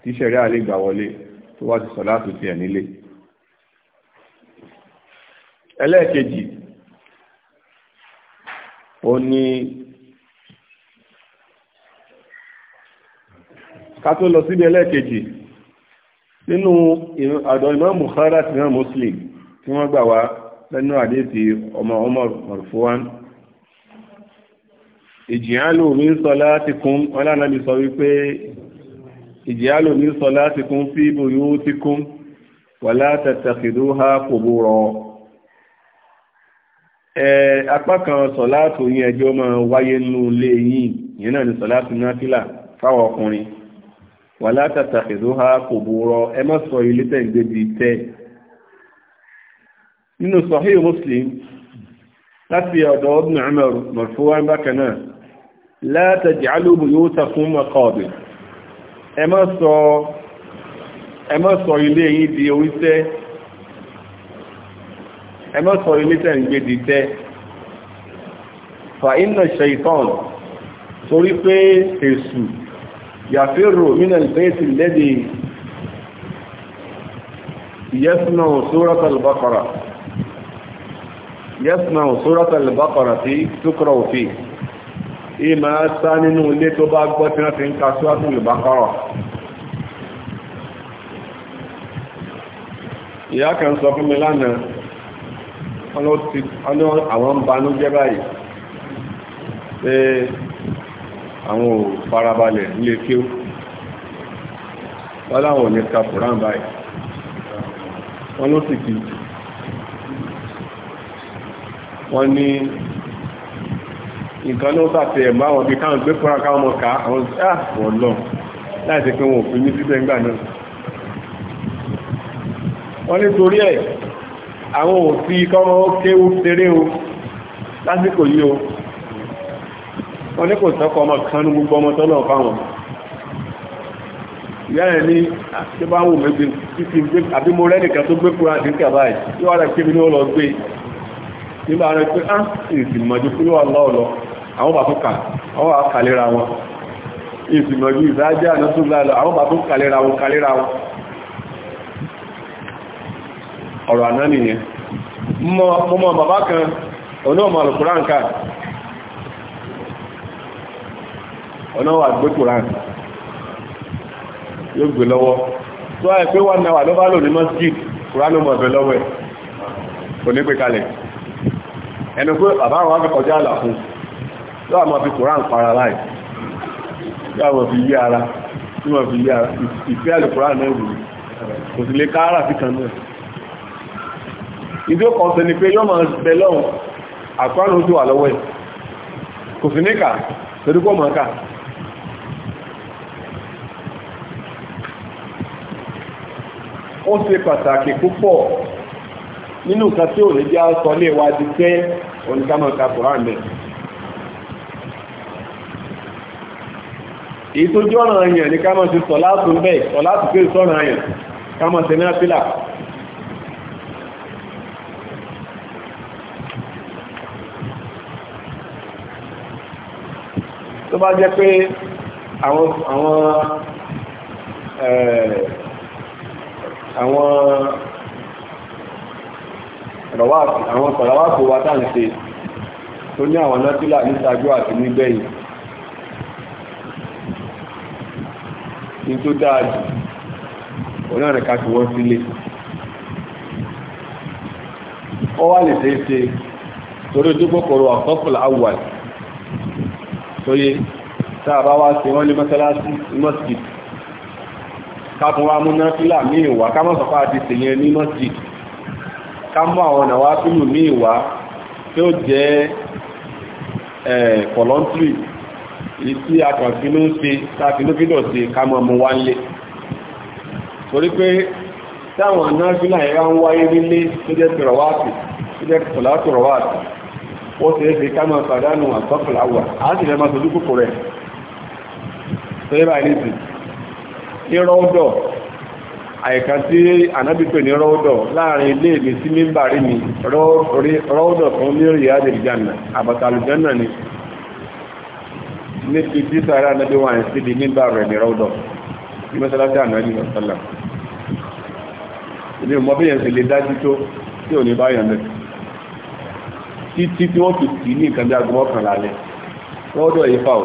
tí sẹ̀rí àlè gbà wọlé tó wá ti sọ̀láàtù tiẹ̀ nílé ẹlẹ́ẹ̀kejì ó ní ká tó lọ síbi ẹlẹ́ẹ̀kejì nínú àdọ̀ Imam Bukhari Muslim tí wọ́n gbà wá lẹ́nu àdéhìí ọmọ Umar marfuwan ìjìyànlò mi sọ láti kún ọlánàbí sọ wípé ìjìyànlò mi sọ láti kún sí buyutikum wala tattakhiduha qubura apá kan sọ̀láàtù yín ẹjọ́ máa wáyé nínú ilé yín yìí náà ni sọ̀láàtù náfìlà fáwọn ọkùnrin wala tattakhiduha qubura ẹ má sọ ilé tẹ̀ bíi tẹ́ẹ̀ nínú Sahih Muslim láti ọ̀dọ̀ ọdún Umar marfu'an bákan náà la taj'alu buyutakum maqabir ẹ má sọ ẹ má sọ ilé yìí di oríṣẹ́ ẹ má sọ ilé tẹ̀ ń gbé di tẹ́ fa inna shaitan torí pé èsù yàfẹ́rò mínà ìfẹ́ẹ̀tì lẹ́dì yẹ́sùnà suratul Baqara yẹ́sùmọ̀ sórọ́tàlì bákọ̀rọ̀ sí túkọ̀rọ̀ òfin ìmọ̀ sá nínú ilé tó bá gbọ́ tí wọ́n ti ń ka sórọ́tàlì bákọ̀rọ̀ ìyá kan sọ fún mi lánàá àwọn ń banú jẹ́ báyìí pé àwọn ò farabalẹ̀ nílé kí ó wọ́n láwọn ò ní ka kùrán báyìí wọ́n ló sì kìí wọ́n ní nǹkan náà sàtì ẹ̀mọ́ àwọn bí káwọn gbé fúnra káwọn mọ̀ ká àwọn ṣáàwọ̀ ah, lọ láìsí pé wọn ò fi ní síbẹ̀ ńgbà náà wọ́n ní torí ẹ̀ àwọn ò fi kọ́mọ kéwú seré o lásìkò yìí o wọ́n ní kò sọ́kọ ọmọ kan ní gbogbo ọmọ tọ́lọ̀ fáwọn ìyá rẹ̀ ní tí ah, bá wù mí gbé àbí mo rẹ́ nìkan tó gbé fúnra sí kàbáyì yóò rẹ̀ kí mi ní ó lọ gbé nígbà rẹ̀ pé á ah, èsì mọ̀jú kúrò aláọ̀lọ́ àwọn bá wọ́n wà wọn èsì mọ̀jú ìdájẹ́ ànátúlálọ́ àwọn bá tó kàlera wọn wọn ọ̀rọ̀ àná nìyẹn mọ́ bàbá kan ọ̀nà ọmọ alùkùrán ká yóò gbé lọ́wọ́ tó àìpé wà náà lò ní kò ní ẹnu pé bàbá àwọn akẹ́kọ̀ọ́já àlà fún yóò àmọ́ fi kòrán para láì yóò àmọ́ fi yí ara tí wọ́n fi yí ara ìfẹ́ àlùkòrán náà wù kò sì lè káárà sí kan náà ìdí ó kàn sí ni pé yóò máa bẹ lọ́hùn àkọ́rùn ojú wà lọ́wọ́ ẹ̀ kò sí níkà torí kó mọ̀ ká ó ṣe pàtàkì púpọ̀ nínú nǹkan tí ò ní jẹ́ sọ lé wa di pé oníkàmọ̀ká Quran mẹ́ èyí tó jọ́ ọ̀ràn àyàn ní kámọ̀ sí sọ láti ń bẹ́ sọ láti pé sọ̀ràn àyàn kámọ̀ sí ní àfílà tó bá jẹ́ pé àwọn àwọn sàràwàkò wa tá ń ṣe tó ní àwọn nọ́tílà ní ṣáájú àti nígbẹ̀yìn ní tó dáa jù onáàrin ká fi wọ́n sílé ó wá lè ṣeé ṣe torí ojúkòkòrò àkọ́kùnlá awwal tóyé tá a bá wá sí wọ́n ní mọ́sálásí mọ́sídì ká tún wá mú náà fílà míì ká mọ́sọ̀pá ká mọ́ àwọn ọ̀nà wá fílù ní ìwá tí ó jẹ́ kọ̀lọ́ntírì èyí tí a kàn fínú ṣe káfínúfínà ṣe ká mọ́ mú wá nílé torí pé táwọn náà fílà ẹ̀rá ń wáyé nílé tó jẹ́ tọ̀rọ̀wáàtì tó jẹ́ tọ̀rọ̀wáàtì ó ṣe é fi ká mọ́ pàdánù àtọ́kùnlá wà á sì fẹ́ máa sojú kòkòrò ẹ̀ tó yẹ́ báyìí nìsín ní rọ́ńdọ̀ àìkan tí ànábì pè ní rọ́ọ̀dọ̀ láàrin ilé mi sí mímbàrí mi rọ́ọ̀dọ̀ kan ní riyadh aljanna àbàtà aljanna ni níbi tí sàárà ànábì wà sí di mímbàrí ní rọ́ọ̀dọ̀ ní mẹ́sàlásí ànábì ọ̀sálà ilé mọ́ bí yẹn sì lè dájú tó tí ò ní báyàn mẹ́ títí tí wọ́n fi tì ní nǹkan bí agbọ́n kan lálẹ́ rọ́ọ̀dọ̀ yìí fà ó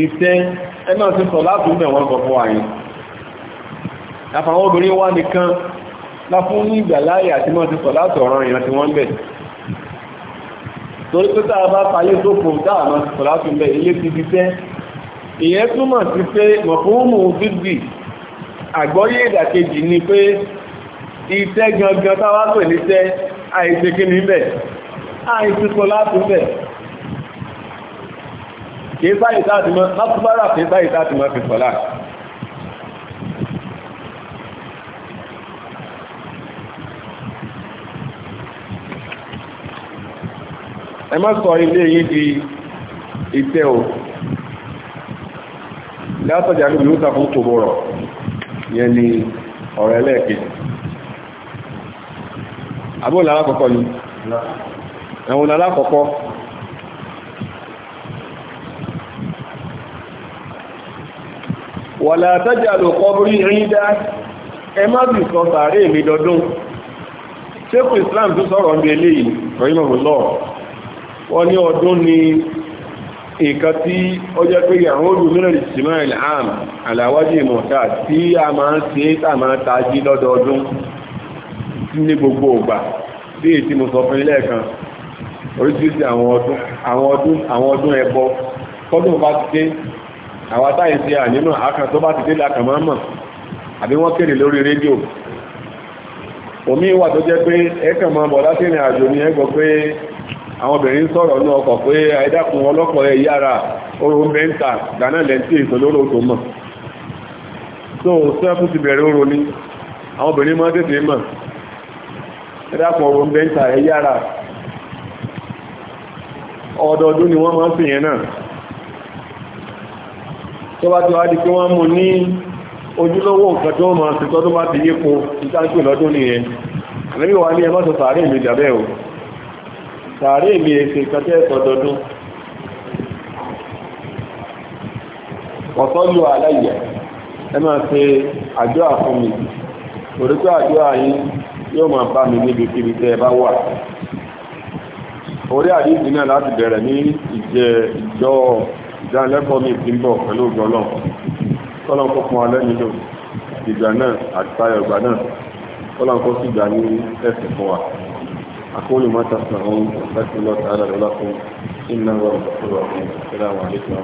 ìtẹ́ ẹ̀nà sí sọ láti ń bẹ̀ wọ́n sọ fún àyè àfàwọn obìnrin wá nìkan láfún ní ìgbàláyè àti mọ́ ti sọ láti ọ̀rọ̀ ìran tí wọ́n bẹ̀ torí pé tàà bá fayé tó kò dáà mọ́ ti sọ láti ń bẹ̀ ilé ti fi tẹ́ ìyẹn túmọ̀ sí pé mọ̀fúnmù bíbì àgbọ́yé ìdàkejì ni pé ìtẹ́ gangan táwá pè ní tẹ́ àìsèkí níbẹ̀ àìsèkọ láti bẹ̀ kìí sáyé táàtì mọ́ fi sọ́lá ẹ má sọ ilé yìí di ìtẹ́ o látọ̀jà ní ìlú tàbí tòbọ̀rọ̀ yẹn ni ọ̀rọ̀ ẹlẹ́ẹ̀kejì wàlá taj'alu qabri 'ida ẹ má bì sọ sàárè mi dọdún ṣékù islam tó sọ̀rọ̀ ní eléyìí rahimahullah wọ́n ní ọdún ni nǹkan tí ó jẹ́ pé àwọn olùmíràn ìsìnmọ́ ìlham aláwájú ìmọ̀ta tí a máa ń ṣe tàmà tají lọ́dọọdún ní gbogbo ògbà bí i tí mo sọ fún ilé ẹ̀kan oríṣiríṣi àwọn táyìsí ànímọ̀ akàn tó bá ti dé lákàmọ́mọ̀ àbí wọ́n kéde lórí rédíò omi wà tó jẹ́ pé ẹ̀kàn máa àjò ní ẹgbọ́ pé àwọn obìnrin sọ̀rọ̀ ní ọkọ̀ pé àìdákun ọlọ́kọ̀ ẹ̀ yára oòrùn mẹ́ta so ti àwọn obìnrin mọ̀ ọdọọdún ni wọ́n máa ń fi tó bá ti wá di pé wọ́n mú ní ojúlówó nǹkan tó máa ṣe tọ́dún bá ti yípo ìtàkì lọ́dún nìyẹn àmì wà ní ẹmọ́sọ sàárè mi dàbẹ́ o sàárè mi èsì ìkàtẹ́ ẹ̀sọ́ dọdún ọ̀sọ́lù aláyẹ̀ ẹ máa ṣe àdúrà fún mi òrùkú àdúrà yín yóò máa bá mi níbi kíbi tẹ́ ẹ bá wà orí àdíjì náà láti bẹ̀rẹ̀ ní ìjẹ́ ìjọ́ ìdánilẹ́kọ̀ọ́ mi ti ń bọ̀ pẹ̀lú ògbọ́n náà kọ́lọ́n kó fún wa lẹ́nu lò ìgbà náà àti ayọ̀ ìgbà náà kọ́lọ́n kó sì gbà ní ẹ̀sìn fún wa akóòlù má ta sàn ọ́n láti lọ́ta àdàlọ́lá fún ìnáwó ìṣòro ọ̀hún ìṣẹ́lá wà nípa